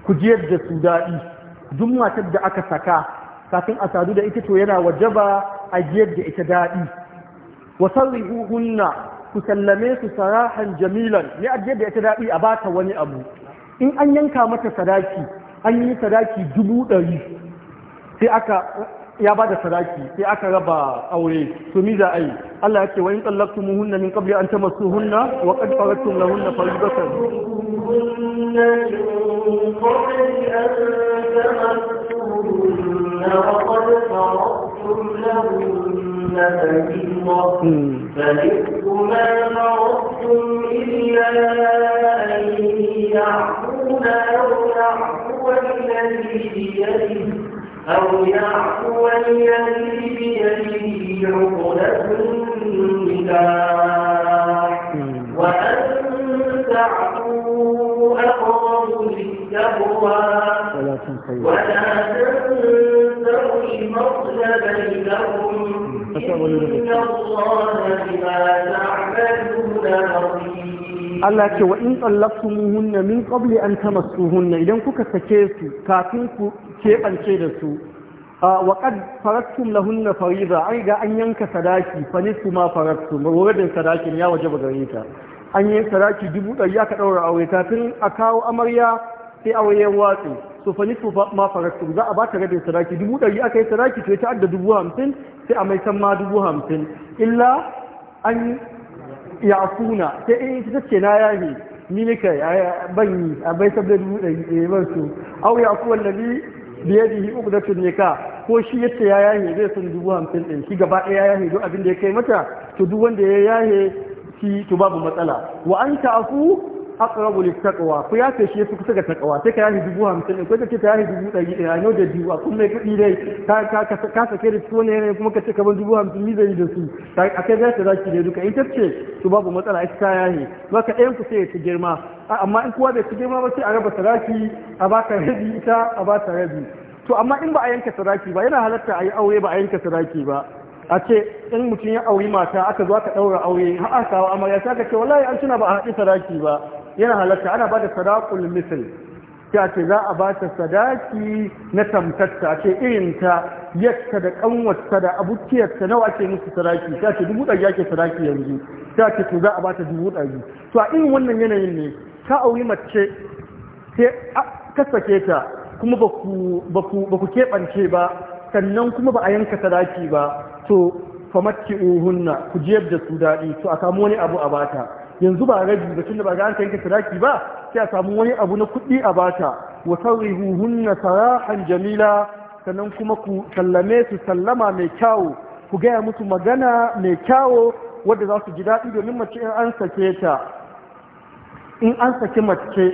ku jiyar da su daɗi duk matar da aka saka kafin a sadu da ita to yana wajaba a giyar da ita daɗi wa sarrihuhunna ku sallame su sarahan jamilan ne a da ita daɗi a bata wani abu in an yanka mata sadaki an yi sadaki dubu ɗari sai aka ya ba da sadaki sai aka raba aure Su mi za a yi Allah ya ce wa in tsallaktu hunna min qabli an tamassu hunna wa qad faradtum lahunna faridatan hunna فرضتم لهن ما فرضتم إلا أن يعفون أو يعفو الذي بيده أو يعفو الذي بيده عقدة النكاح وأن تعفو أقرب للتقوى ولكن خير بينهم الله Allah ce wa in tsallaqtumuhunna min ƙabli an na idan kuka sake su kafin ku keɓance da su wa qad faraktum lahunna fariza ai ga an yanka sadaki fa nisfu ma faraktum sadakin ya waje gare ta an yi sadaki dubu ɗari aka ɗaura aure kafin a kawo amarya sai aure ya watsi to fa nisu ma faraktum za a baka rabin sadaki dubu ɗari aka yi sadaki to ta adda dubu hamsin sai a mai san ma dubu hamsin illa an suna sai in ita ce na yahi ni ne kai ban yi a bai sabbin dubu ɗari ɗaya eh, ban su au uku da tun ne ka ko shi yadda ya yahe zai san dubu hamsin ɗin shi gaba ɗaya ya yahe don abin da ya kai mata to duk wanda ya yahi shi to babu matsala wa an ta'afu aqrabu littaqwa ku ya ce shi yafi kusa ga taqwa sai ka yahi dubu hamsin ko ka ce ka yahi dubu ɗari ɗaya yau da biyu a kuma mai kuɗi dai ka ka ka sake da tone ne kuma ka ce ka ban dubu hamsin ni zai da su a kai za ta zaki ne duka in ta ce su babu matsala ita ta yahi ba ka ɗayan ku sai ya ci girma amma in kowa bai ci girma ba sai a raba sadaki a ba ka rabi ita a ba ta rabi to amma in ba a yanka sadaki ba yana halatta a yi aure ba a yanka sadaki ba a ce in mutum ya auri mata aka zo aka ɗaura aure har aka kawo amarya sai aka ce wallahi an tuna ba a haɗi sadaki ba yana halatta ana ba da sadakul misl ta ce za a ba ta sadaki na tamtatta ce irin ta yadda da kanwarta da abukiyarta nawa ake musu sadaki ta ce dubu ɗari ake sadaki yanzu ta ce to za a ba ta dubu ɗari to a irin wannan yanayin ne ka auri mace ka sake ta kuma ba ku keɓance ba sannan kuma ba a yanka sadaki ba to famatki uhunna ku jiyar da su daɗi to a samu wani abu a bata yanzu ba rabi ba tunda ba ga ta yanke sadaki ba sai a samu wani abu na kuɗi a bata wa sarrihuhunna sarahan jamila sannan kuma ku sallame su sallama mai kyawu ku gaya musu magana mai kyawo wadda za su ji daɗi domin mace in an sake ta in an sake mace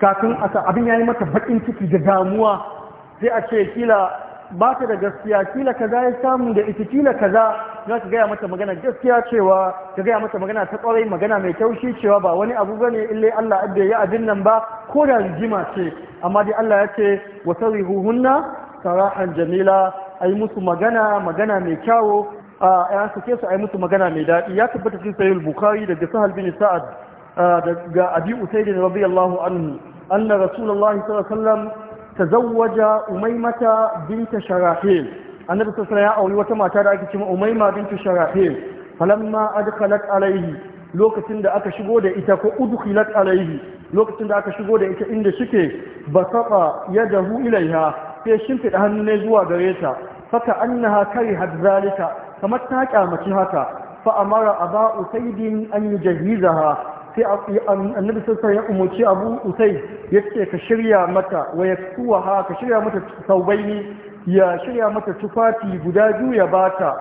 kafin a abin ya yi mata baƙin ciki da damuwa sai a ce kila ba ta da gaskiya kila kaza ya samu da ita kila kaza za ka gaya mata magana gaskiya cewa ka gaya mata magana ta kwarai magana mai taushi cewa ba wani abu bane ille Allah adda ya abin nan ba ko da rigima ce amma dai Allah ya ce wa sarihuhunna sarahan jamila ai musu magana magana mai kyawo a ya suke su ai musu magana mai daɗi ya tabbata cikin sahih bukhari da sahal bin sa'ad daga abi usaid radiyallahu anhu anna rasulullahi sallallahu alaihi wasallam Ta zau tazawwaja umaimata binta sharahil annabi sallallahu alaihi ya auri wata mata da ake cewa umaima binta sharahil falamma adkhalat alaihi lokacin da aka shigo da ita ko udkhilat alaihi lokacin da aka shigo da ita inda shike basata yadahu ilaiha sai shimfida hannu ne zuwa gare ta faka annaha karihat zalika kamar ta kyamaci haka fa a mara amara aba usaidin an yujhizaha sai annabi sassan ya umarci abu usai ya ce ka shirya mata wa ya kuwa ha ka shirya mata saubaini ya shirya mata tufafi guda biyu ya bata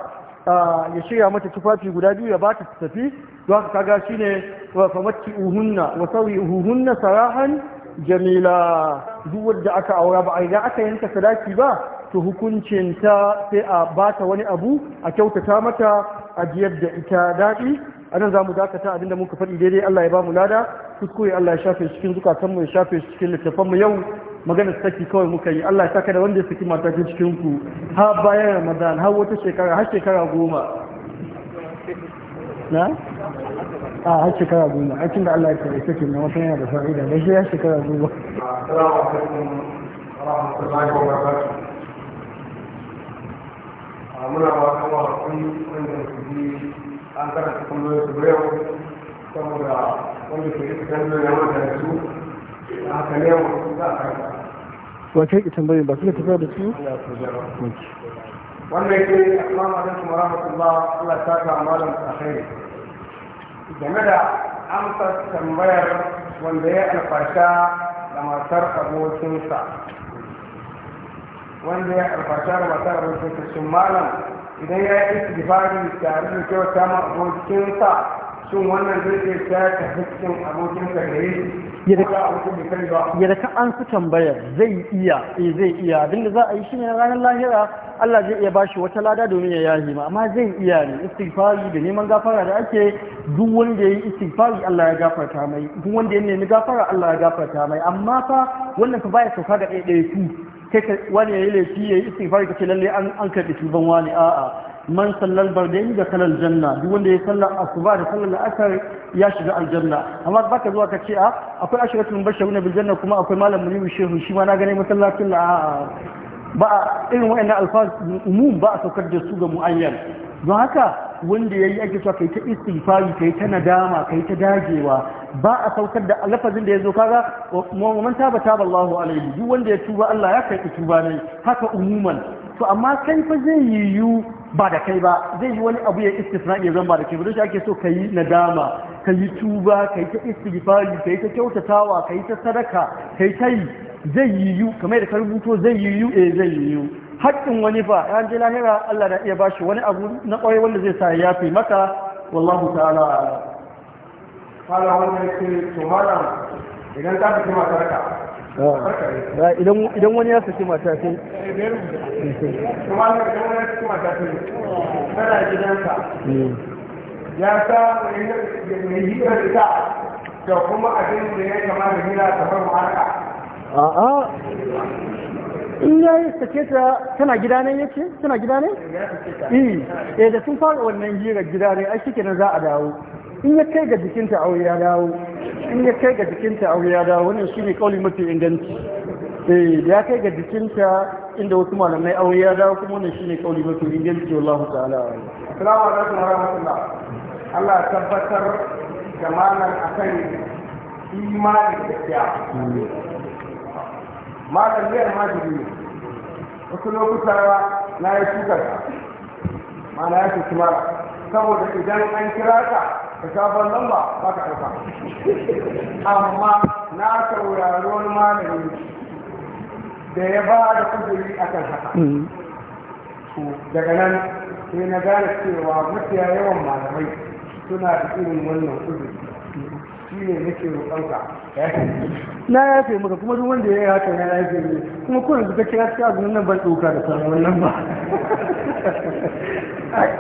ya shirya mata tufafi guda biyu ya bata ta tafi don haka kaga shine wa famatti uhunna wa sawi uhunna sarahan jamila duk wanda aka aura ba a idan aka yanka sadaki ba to hukuncin ta sai a bata wani abu a kyautata mata a jiyar da ita daɗi anan za mu dakata abinda muka faɗi daidai Allah ya ba mu lada kuskure Allah ya shafe cikin zukatanmu ya shafe cikin littafanmu yau magana saki kawai muka yi Allah ya saka da wanda ya saki mata cikin ku ha bayan Ramadan har wata shekara har shekara goma na a har shekara goma a cikin da Allah ya kare shi cikin wata yana da fa'ida da shi ya shekara goma assalamu alaikum warahmatullahi wabarakatuh muna ba kuma kun an karanta tambayoyin su saboda wanda ke yi yawon da su a haka ne a wace yake ba su ne tafiya da su wannan yake ba Allah ta malam kai game da amsa tambayar wanda ya alfasha da matar abokinsa wanda ya alfasha da matar abokinsa sun malam idan ya yi istighfari tare da kyauta ma abokinsa sun wannan zai yi ta hakkin abokinsa da yi yadda ka an su tambayar zai iya eh zai iya abinda za a yi shi ne ranar lahira Allah zai iya bashi wata lada domin ya yahi ma amma zai iya ne istighfari da neman gafara da ake duk wanda ya yi istighfari Allah ya gafarta mai duk wanda ya nemi gafara Allah ya gafarta mai amma fa wannan fa baya sauka ga ɗaiɗaiku wani ya yi laifi ya yi istighfar ka lalle an karɓi tuban wani a'a man sallal bardain da kalal janna duk wanda ya salla asuba da sallar asar ya shiga aljanna amma baka zuwa ka ce a ah, akwai ashiratul bashiruna bil janna kuma akwai malam muni shehu shi ma na gane masallacin la ba irin wa'annan alfaz umum ba a saukar da su ga muayyan don haka wanda ya yi ake cewa kai ta istighfari kai ta nadama kai ta dagewa ba a saukar da lafazin da ya zo kaga man taba taba Allahu alaihi duk wanda ya tuba Allah ya kai tuba ne haka umuman to amma kai fa zai yu ba da kai ba zai yi wani abu ya istisna ya zan ba da kai ba don ake so ka yi nadama ka yi tuba ka yi ta istighfari ka yi ta kyautatawa ka yi ta sadaka ka yi ta yi zai yiwu kamar da ka rubuto zai yu eh zai yu. haƙƙin wani fa ya je lahira Allah na iya bashi wani abu na ƙwaye wanda zai sa ya fi maka wallahu ta'ala ala wanda yake to malam idan ta fi kuma sarka idan wani ya saki mata sai kuma eh, idan wani ya saki mata sai kana gidanka hmm. ya sa mai hira da ta da kuma abin da ya kamata hira ta farko haka a'a in ya yi sake ta tana gida ne ce tana gida ne eh, eh da sun fara wannan jirar gida ne ai shike za a dawo in ya kai ga jikinta aure ya dawo in ya kai ga jikinta aure ya dawo wannan ne kauli mafi inganci eh ya kai ga jikinta inda wasu malamai aure ya dawo kuma wannan ne kauli mafi inganci wallahu ta'ala assalamu alaikum wa rahmatullah Allah ya tabbatar da malam akan imani da maganin majiri ne wasu lokuta na ya cutar mana ya cuci mara saboda idan an kira ka ka sabon lamba ba ka ɗauka amma na saurari wani malami da ya ba da kuduri a kan haka daga nan sai na gane cewa mafiya yawan malamai suna da irin wannan kuduri shi ne nake roƙonka na yafe maka kuma duk wanda ya yi haka ya yafe ne kuma ko yanzu ka kira cikin azumin nan ban ɗauka da sauran wannan ba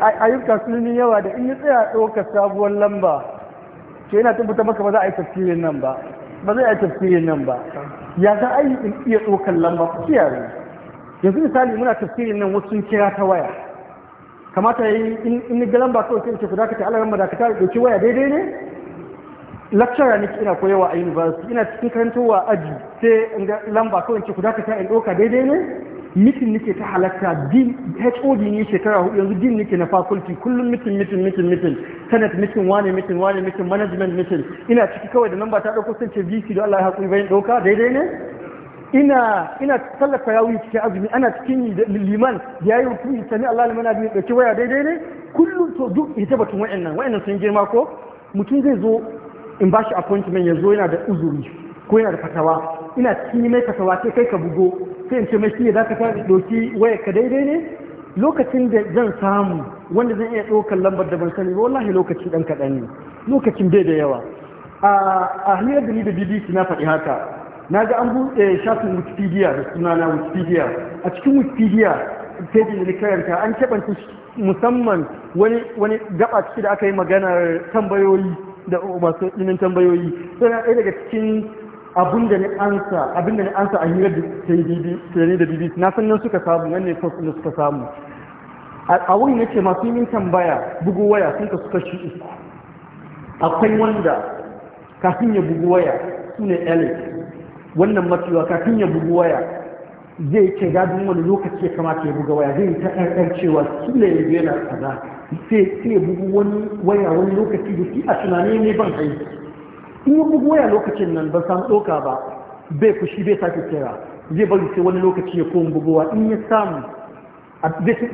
ayyuka sun yi yawa da in ya tsaya ɗaukar sabuwar lamba ke yana tabbata maka ba za a yi tafsirin nan ba ba a yi tafsirin nan ba ya za a yi in iya ɗaukar lamba ku kiyaye yanzu misali muna tafsirin nan wasu kira ta waya kamata ya yi in ni ga lamba kawai sai ce ku dakata alaran ma dakata da ɗauki waya daidai ne lecturer ne ina koyawa a university ina cikin karantarwa aji sai ga lamba kawai ce ku dakata in ɗauka daidai ne mitin nake ta halatta din HOD ne shekara hudu yanzu din nake na faculty kullum mitin mitin mitin mitin senate mitin wane mitin wani mitin management mitin ina ciki kawai da lamba ta ɗauko sun ce VC don Allah ya haƙuri bayan ɗauka daidai ne ina ina tallafa tarawih cikin azumi ana cikin liman ya yi rukuni sani Allah liman azumi ɗauki waya daidai ne kullum to duk ita batun wayannan wayannan sun girma ko mutum zai zo in ba shi appointment ya zo yana da uzuri ko yana da fatawa ina cikin mai fatawa sai kai ka bugo sai in ce mai shi ne za ka ɗauki waya ka daidai ne lokacin da zan samu wanda zan iya ɗaukar lambar da ban sani ba wallahi lokaci ɗan kaɗan ne lokacin bai da yawa a hanyar da ni da bbc na faɗi haka na ga an buɗe shafin wikipedia da sunana wikipedia a cikin wikipedia fejin da karanta an keɓance musamman wani gaba ciki da aka yi maganar tambayoyi da masu ɗinin tambayoyi suna ɗaya daga cikin abin da na ansa abin da ansa a hira da tare da bbc na san nan suka samu nan ne da suka samu a wuri ce masu yin tambaya bugu waya sun ka suka shi uku akwai wanda kafin ya bugu waya su ne elite wannan mafiwa kafin ya bugu waya zai ce gadin wani lokaci ya kamata ya buga waya zai ta ƙarƙar cewa ne ya gina kaza sai sai bugu wani waya wani lokaci da shi a tunani ne ban kai in ya bugu waya lokacin nan ban samu ɗauka ba bai fushi bai sake kira zai bari sai wani lokaci ya koma buguwa in ya samu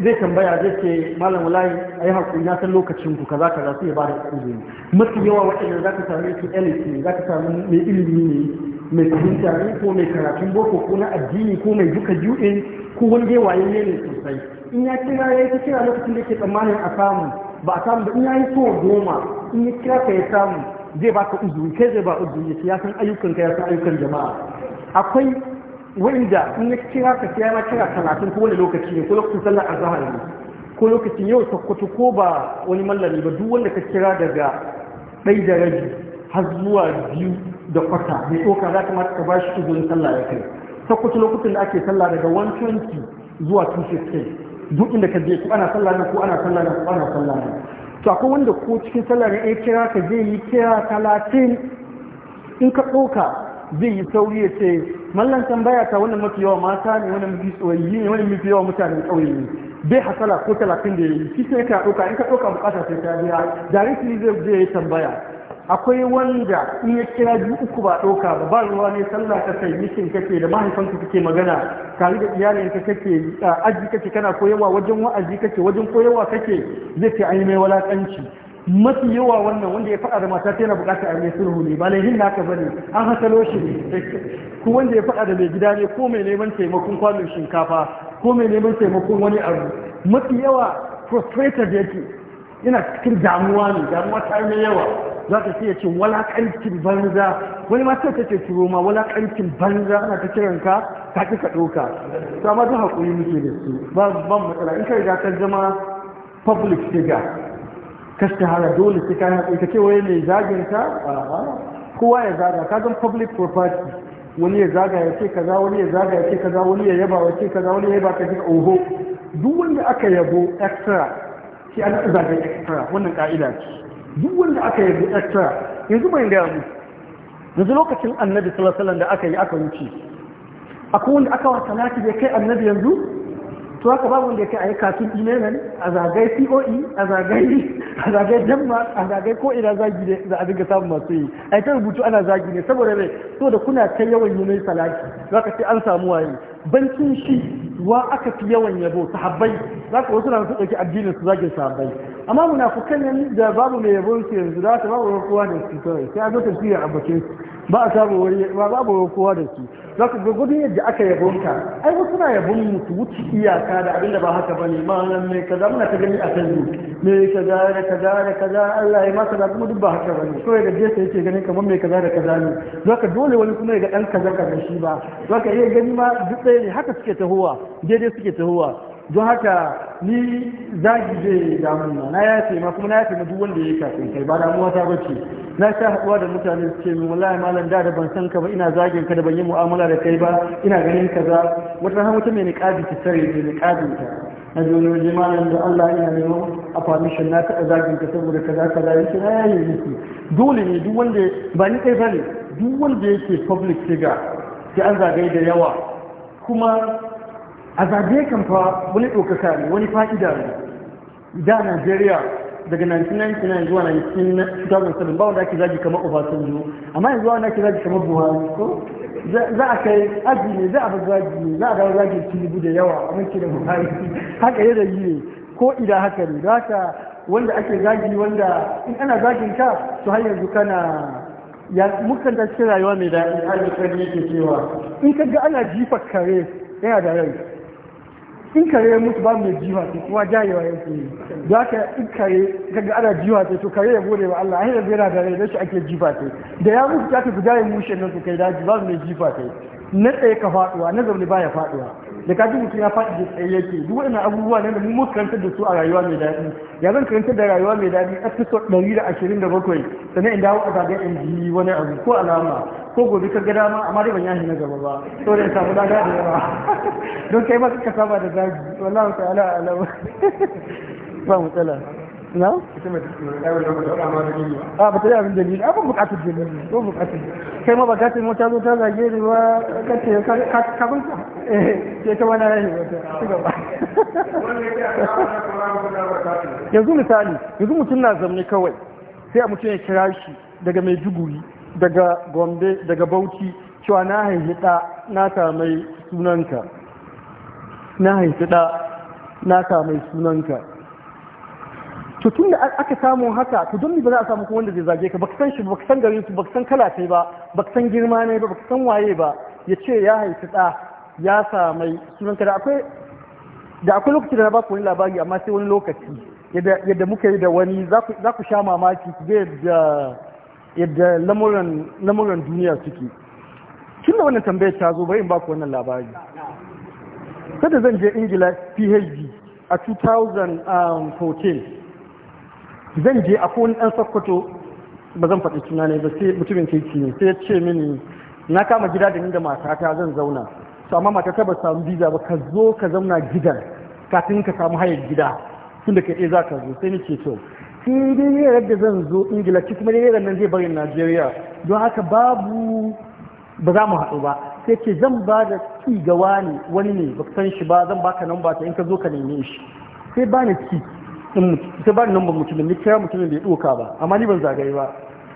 zai tambaya zai ce malam wallahi ai hakuri na san lokacin ku kaza kaza sai ya da kuɗi mafi yawa waɗannan zaka samu su elite ne zaka samu mai ilimi ne mai fahimta ne ko mai karatun boko ko na addini ko mai duka juɗin ko wani dai waye ne ne sosai in ya kira ya yi ta kira lokacin da ke tsammanin a samu ba a samu da in ya yi so goma in ya kira ka ya samu zai ba ka uzuri kai zai ba uzuri ya san ayyukan ka ya san ayyukan jama'a akwai wanda in ya kira ka sai ya kira talatin ko wani lokaci ne ko lokacin sallar azhar ne ko lokacin yau sakkwato ko ba wani mallami ba duk wanda ka kira daga ɗai da rabi har zuwa biyu da kwata mai tsoka za mata ka ba shi izinin sallah ya kai sakkwace lokutan da ake sallah daga 120 zuwa 250 duk inda ka je ko ana sallah na ko ana sallah na ko ana sallah na to akwai wanda ko cikin sallah ne ya eh, kira ka zai yi kira talatin in ka tsoka zai yi sauri ya ce mallan tambaya ta wannan mafi yawa mata ne wannan mafi tsoyi ne wannan mafi yawa mutanen ƙauye ne bai hasala ko talatin da ya yi shi sai ka ɗauka in ka ɗauka bukata sai ta biya directly zai je ya tambaya akwai wanda in ya kira biyu uku ba ɗauka ba ba ruwa ne sallah ka sai mishin kake da mahaifanka kake magana tare da iyalinka kake aji kake kana koyarwa wajen wa'azi kake wajen koyarwa kake zai ce ai mai walakanci mafi yawa wannan wanda ya faɗa da mata tana buƙatar a mai sulhu ne ba hin naka bane an hasalo shi ne ko wanda ya faɗa da mai gida ne ko mai neman taimakon kwanon shinkafa ko mai neman taimakon wani abu mafi yawa frustrated yake ina cikin damuwa ne damuwa ta yi yawa za ta sai ya ce walakancin banza wani ma sai ce turo ma walakancin banza ana ta kiran ka ka ki ka ɗauka to amma duk haƙuri muke da su ba ban matsala in ka riga ka zama public figure ka shahara dole sai ka haƙuri ka ce wani mai zagin ka kowa ya zaga ka zan public property wani ya zaga ya ce kaza wani ya zaga ya ce kaza wani ya yaba ya ce kaza wani ya yaba ka ce oho duk wanda aka yabo extra shi an zaga extra wannan ka'ida ce duk wanda aka yi extra yanzu mai gaya mu yanzu lokacin annabi salasalan da aka yi aka wuce akwai wanda aka wa salati bai kai annabi yanzu to haka babu wanda yake a yi kafin imel a zagaye coe a zagaye a zagai denmark a zagaye ko ina zagi ne za a dinga samun masu yi a yi ta rubutu ana zagi ne saboda mai so da kuna ta yawan yi mai salaki za ka ce an samu waye bankin shi wa aka fi yawan yabo sahabbai za ka wasu na su ɗauki addinin su zagin sahabbai amma munafukan nan da babu mai yabo su yanzu za ta babu kowa da su kawai sai a zo tafiya a bakin ba a samu wani babu kowa da su za ka ga gudun yadda aka yabon ka ai wasu na yabon mu su wuce iyaka da abin da ba haka ba ne ma'anar mai kaza muna ta gani a facebook mai kaza da kaza da kaza Allah ya masa da kuma duk ba haka ba ne kawai da jesa yake ganin kamar mai kaza da kaza ne za ka dole wani kuma ya ga ɗan kaza kaza shi ba za ka iya gani ma duk ɗaya ne haka suke tahowa daidai suke tahowa don haka ni zagi zai damu na ya ce ma kuma na ya ce duk wanda ya kafin kai ba damuwa ta bace na sha haɗuwa da mutane su ce min wallahi malam da da ban san ka ba ina zagin ka da ban yi mu'amala da kai ba ina ganin kaza wata rana mutum mai niqabi ta sare da niqabin ka na ji wani waje malam da Allah ina neman a permission na taɓa zagin ka saboda kaza kaza yake na yayin miki dole ne duk wanda ba ni kai ba ne duk wanda yake public figure sai an zagaye da yawa kuma a zaɓe kan fa wani ɗaukaka ne wani fa'ida ne da najeriya daga 1999 zuwa 2007 ba wanda ake zagi kamar obasanjo amma yanzu wanda ake zagi kamar buhari ko za a kai aji ne za a ba zagi ne za a dawo zagin tinubu da yawa a mace da buhari haka yi yi ne ko ida haka ne za ka wanda ake zagi wanda in ana zagin ka to har yanzu kana ya mukan da cikin rayuwa mai daɗi har da yake cewa in ka ga ana jifa kare yana da rai in kare mutu ba mai jiwa ce kuma jayewa yake yi za ka in kare gaga ana jiwa ce to kare ya gode wa Allah ai zai yana da shi ake jiwa ce da ya mutu ta ka guda mushe nan su kai daji ba mai jiwa ce na tsaye ka faduwa na zaune ba ya faduwa da ka ji mutum ya faɗi da tsaye yake duk wani abubuwa ne da mu karanta da su a rayuwa mai daɗi ya zan karantar da rayuwa mai daɗi episode ɗari da ashirin da bakwai sannan in dawo a zaga in ji wani abu ko alama ko gobe ka ga dama amma dai ban yashi na gaba ba to da in samu da da yawa don kai ma ka saba da zagi wallahi ta'ala alama ba matsala na? a ba ta yi abin dalili abin bukatar dalili ko bukatar kai ma ba ka ce mota zo ta zage ba ka ce ka yanzu misali yanzu mutum na zamne kawai sai a mutum ya kira shi daga maiduguri daga gombe daga bauchi cewa na haihita na samai sunanka na haihita na samai sunanka to tun da aka samu haka to don ba za a samu kuma wanda zai zage ka baka san shi baka san garin su baka san kala ta ba baka san girma ne ba baka san waye ba ya ce ya haifi ɗa ya samai sunan ka da akwai da akwai lokaci da na ba ku wani labari amma sai wani lokaci yadda muka yi da wani za ku sha mamaki ku yadda yadda lamuran duniya suke tun da wannan tambayar ta zo bari in ba ku wannan labari kada zan je ingila phd a 2014 zan je a wani ɗan Sokoto ba zan faɗi suna ne ba sai mutumin kirki ne sai ya ce mini na kama gida da ni da matata zan zauna to amma matata ba samu biza ba ka zo ka zauna gidan kafin ka samu hayar gida tun da ɗaya za ka zo sai ni ce to sai dai yarar da zan zo ingila ki kuma yarar nan zai bari najeriya don haka babu ba za mu haɗu ba sai ce zan ba da ci gawa ne wani ne ba san shi ba zan baka nan ba ta in ka zo ka neme shi sai ba ni ci ta ta ba nan ba mutumin ni kira mutumin bai doka ba amma ni ban zagaye ba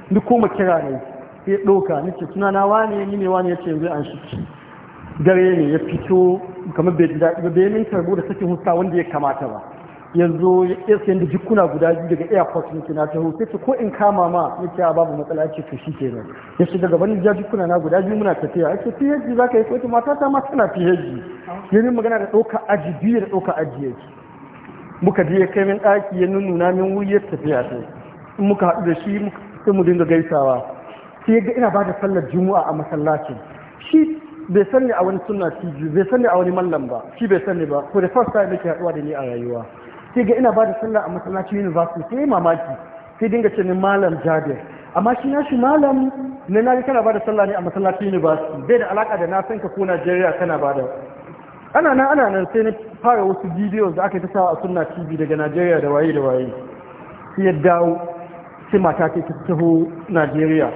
ni koma kira ne ya doka ni ce suna na wane ni ne wane ce yanzu an shi dare ne ya fito kamar bai daɗi ba bai min karbo da sakin husta wanda ya kamata ba yanzu ya sayan da jikuna guda biyu daga airport ne na taho sai ce ko in kama ma ya ce babu matsala ce to shi kenan ya shiga gaban ja jikuna na guda biyu muna tafiya ya ce PhD za ka yi ko mata ta ma tana PhD yayin magana da ɗauka aji biyu da ɗauka aji muka je kai min ɗaki ya nuna min wuri ya tafiya sai in muka haɗu da shi sai mu dinga gaisawa sai ga ina bada sallar juma'a a masallacin shi bai sanni a wani sunna tv bai sanni a wani mallam ba shi bai sanni ba for the first time yake haɗuwa da ni a rayuwa sai ga ina bada sallah a masallacin university sai mamaki sai dinga ce ni malam jabir amma shi na shi malam na na kana bada sallah ne a masallacin university bai da alaka da na san ka ko Najeriya kana ba da. ana nan ana nan sai na fara wasu bidiyo da aka yi ta sawa a suna tv daga najeriya da waye da waye sai ya dawo sai mata ta ta taho najeriya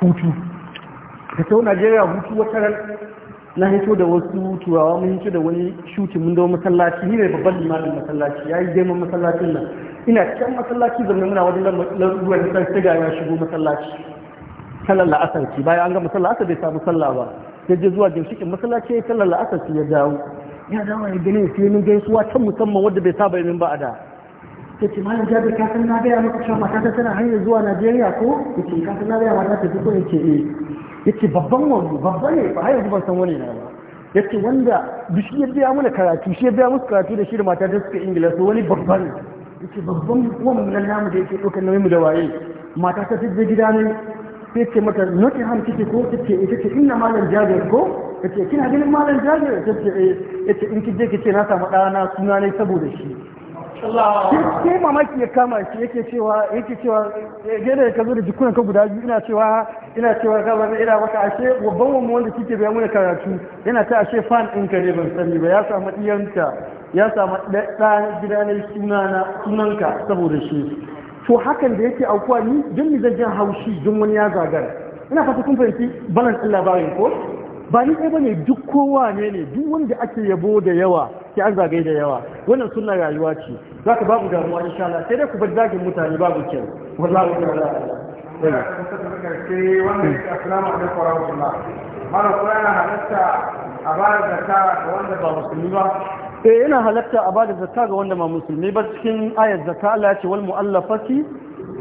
hutu ta taho najeriya hutu wata ran na hito da wasu turawa mun hito da wani shuti mun dawo masallaci ni ne babban limamin masallaci ya yi girman masallacin nan ina cikin masallaci zama muna wajen da sai ga ya shigo masallaci sallar la'asar bayan an ga masallar bai samu sallah ba ya je zuwa ginshikin masallaci ya sallar la'asar ya dawo ya dawo ya gani sai mun gaisuwa can musamman wadda bai saba yin ba a da ta ce malam jabir ka san na gaya maka cewa matata tana hanyar zuwa najeriya ko ya ce ka san na gaya mata ta ko ya ce eh ya ce babban wani babba ne ba har ban san wani na ba ya ce wanda shi ya biya mana karatu shi ya biya musu karatu da shi da ta suka ingila su wani babban ya ce babban wannan namu da yake ɗaukar nauyin mu da waye mata ta fi gida ne sai ce mata han kike ko kike ita ce inna malam Jabir ko kace ce kina ganin malam Jabir kace ce eh kace in kije kice na samu na suna ne saboda shi sai mamaki ya kama shi yake cewa yake cewa gane ka zo da jikunan ka guda biyu ina cewa ina cewa ga ban ina wata ashe babban mu wanda kike bayan mu karatu yana ta ashe fan din ka ne ban sani ba ya samu iyanka ya samu ɗan gida ne sunanka saboda shi to hakan da yake aukuwa ni don mi zan haushi don wani ya zagara ina fata kun fahimci balance din labarin ko ba ni kai bane duk kowa ne ne duk wanda ake yabo da yawa ke an zagaye da yawa wannan sunna rayuwa ce Za ka babu damuwa insha Allah sai dai ku bar zagin mutane babu kyau wallahi ta'ala Mara kula na halatta a bayar da ta wanda ba musulmi ba eh yana halatta a bada zakka ga wanda ma musulmi ba cikin ayat zakka Allah ya ce wal mu'allafati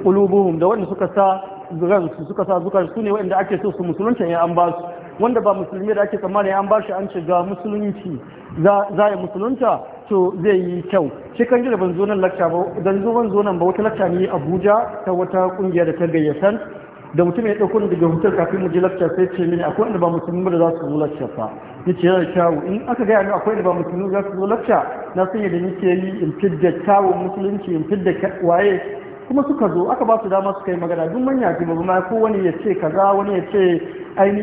qulubuhum da wanda suka sa su suka sa zukar su ne wanda ake so su musulunta ya an ba su wanda ba musulmi da ake tsammani ya an ba shi an ce ga musulunci za ya musulunta to zai yi kyau shi kan ji da ban zo nan lakta ba dan zo ban zo nan ba wata lakta ne Abuja ta wata kungiya da ta gayyatan da mutum ya dauko daga hotel kafin mu je lakta sai ce mini akwai wanda ba musulmi ba da za su zo lakta fa yace yana kyawu in aka gaya ni akwai da ba musulmi za su zo lacca na san yadda nake yi in fidda kyawun musulunci in fidda waye kuma suka zo aka ba su dama suka yi magana duk manya ji babu ma ko wani ya ce kaza wani ya ce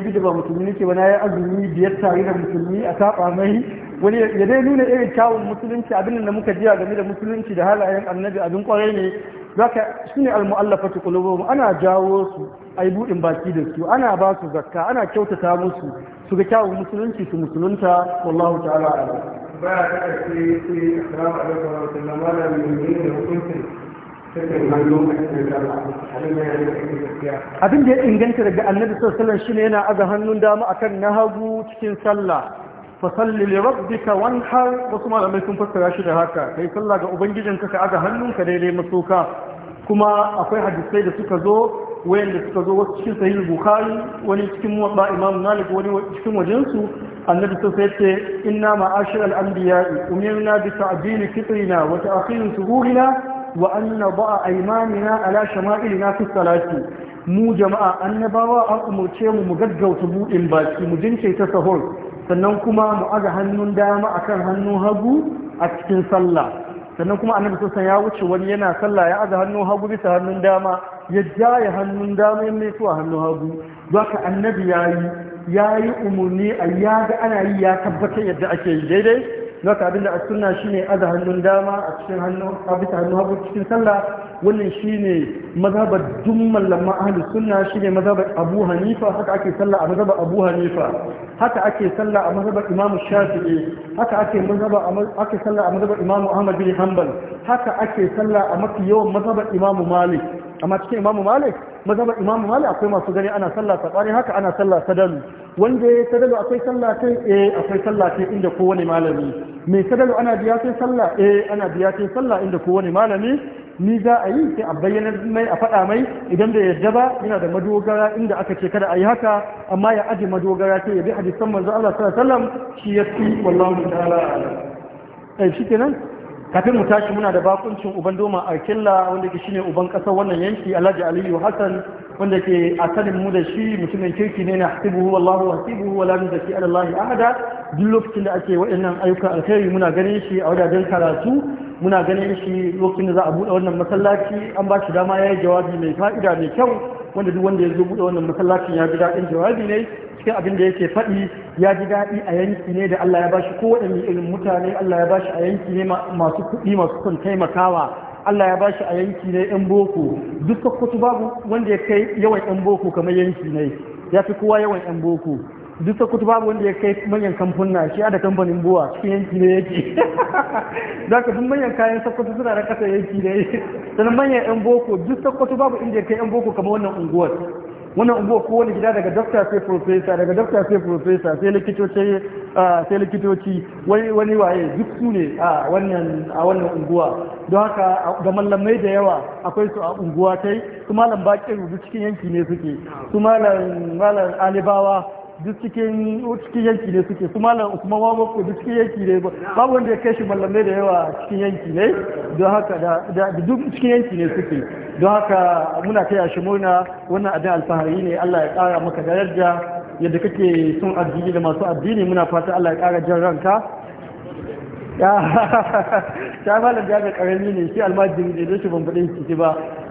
bi da ba musulmi nake ba na yi azumi biyar tare da musulmi a saba mai wani ya dai nuna irin kyawun musulunci abin da muka jiya game da musulunci da halayen annabi abin kwarai ne zaka ne almu'allafatu qulubuhum ana jawo su ai budin baki da su ana ba su zakka ana kyautata musu su ga kyawun musulunci su musulunta wallahu ta'ala ba ta ce sai assalamu alaikum wa rahmatullahi wa barakatuh da abin da ya inganta daga annabi sallallahu alaihi wasallam shine yana aza hannun dama akan na hagu cikin sallah fasalli li rabbika wanhar wasu malamai sun fassara shi da haka kai sallah ga ubangijinka ka aga hannunka daidai masoka kuma akwai hadisai da suka zo wayanda suka zo wasu cikin sahih bukhari wani cikin muwadda imam malik wani cikin wajensu annabi sun sai ce inna ma'ashir al-anbiya umirna bi ta'dil kitrina wa ta'khir suhurina wa an nada'a aymanina ala shama'ilina fi salati mu jama'a annabawa an umurce mu mu gaggauta budin baki mu jinke ta sahur sannan kuma mu aza hannun dama akan hannun hagu a cikin sallah sannan kuma annabi sosan ya wuce wani yana sallah ya aza hannun hagu bisa hannun dama ya jaye hannun dama ya mai a hannun hagu zaka annabi ya yi ya yi umarni a ya ga ana yi ya tabbatar yadda ake yi daidai zaka abinda a sunna shine aza hannun dama a cikin hannun abita hannun hagu cikin sallah wannan shine mazhabar duk mallaman ahlus sunna shine mazhabar Abu Hanifa haka ake sallah a mazhabar Abu Hanifa haka ake sallah a mazhabar Imam Shafi'i haka ake mazhabar ake sallah a mazhabar Imam Ahmad bin Hanbal haka ake sallah a mafi yawan mazhabar Imam Malik amma cikin imamu malik mazhabar imamu malik akwai masu gani ana sallah sabani haka ana sallah sadalu wanda ya sadalu akwai sallah kai eh akwai sallah kai inda kowane malami me sadalu ana biya sai sallah eh ana biya sai sallah inda kowane malami ni za a yi sai a bayyana mai a faɗa mai idan da yarda ba yana da madogara inda aka ce kada a yi haka amma ya aje madogara sai ya bi hadisan manzo Allah sallallahu alaihi wasallam shi yafi wallahu ta'ala eh shikenan kafin mu tashi muna da bakuncin uban doma a killa wanda ke shine uban kasar wannan yanki alhaji aliyu hassan wanda ke a sanin mu da shi mutumin kirki ne na hasibuhu wallahu hasibuhu wala min zaki alallahi ahada duk lokacin da ake waɗannan ayyukan alkhairi muna ganin shi a wajajen karatu muna ganin shi lokacin da za a buɗe wannan masallaci an ba shi dama ya yi jawabi mai fa'ida mai kyau wanda duk wanda ya zo buɗe wannan masallacin ya ji daɗin jawabi ne cikin abin da yake faɗi ya ji daɗi a yanki ne da Allah ya bashi kowaɗanne irin mutane Allah ya bashi a yanki ne masu kuɗi masu son taimakawa Allah ya bashi a yanki ne ɗan boko duk sakkwato babu wanda ya kai yawan ɗan boko kamar yanki ne ya fi kowa yawan ɗan boko duk sakkwato babu wanda ya kai manyan kamfuna shi da kamfanin buwa cikin yanki ne yake za ka duk manyan kayan sakkwato suna da ƙasa yanki ne sannan manyan yan boko duk sakkwato babu inda ya kai yan boko kamar wannan unguwar wannan unguwa wani gida daga dokta sai profesa daga dokta sai profesa sai likitoci sai likitoci wani wani waye duk su ne a wannan a wannan unguwa don haka ga mallamai da yawa akwai su a unguwa kai su malam bakin rubutu cikin yanki ne suke su malam malam alibawa duk cikin cikin yanki ne suke su malam kuma babu ko duk cikin yanki ne babu wanda ya kai shi malamai da yawa cikin yanki ne don haka da duk cikin yanki ne suke don haka muna taya shi murna wannan abin alfahari ne Allah ya kara maka daraja yadda kake son addini da masu addini muna fata Allah ya kara jan ranka ta malam da ga karami ne shi almajiri ne da shi ban bude shi ba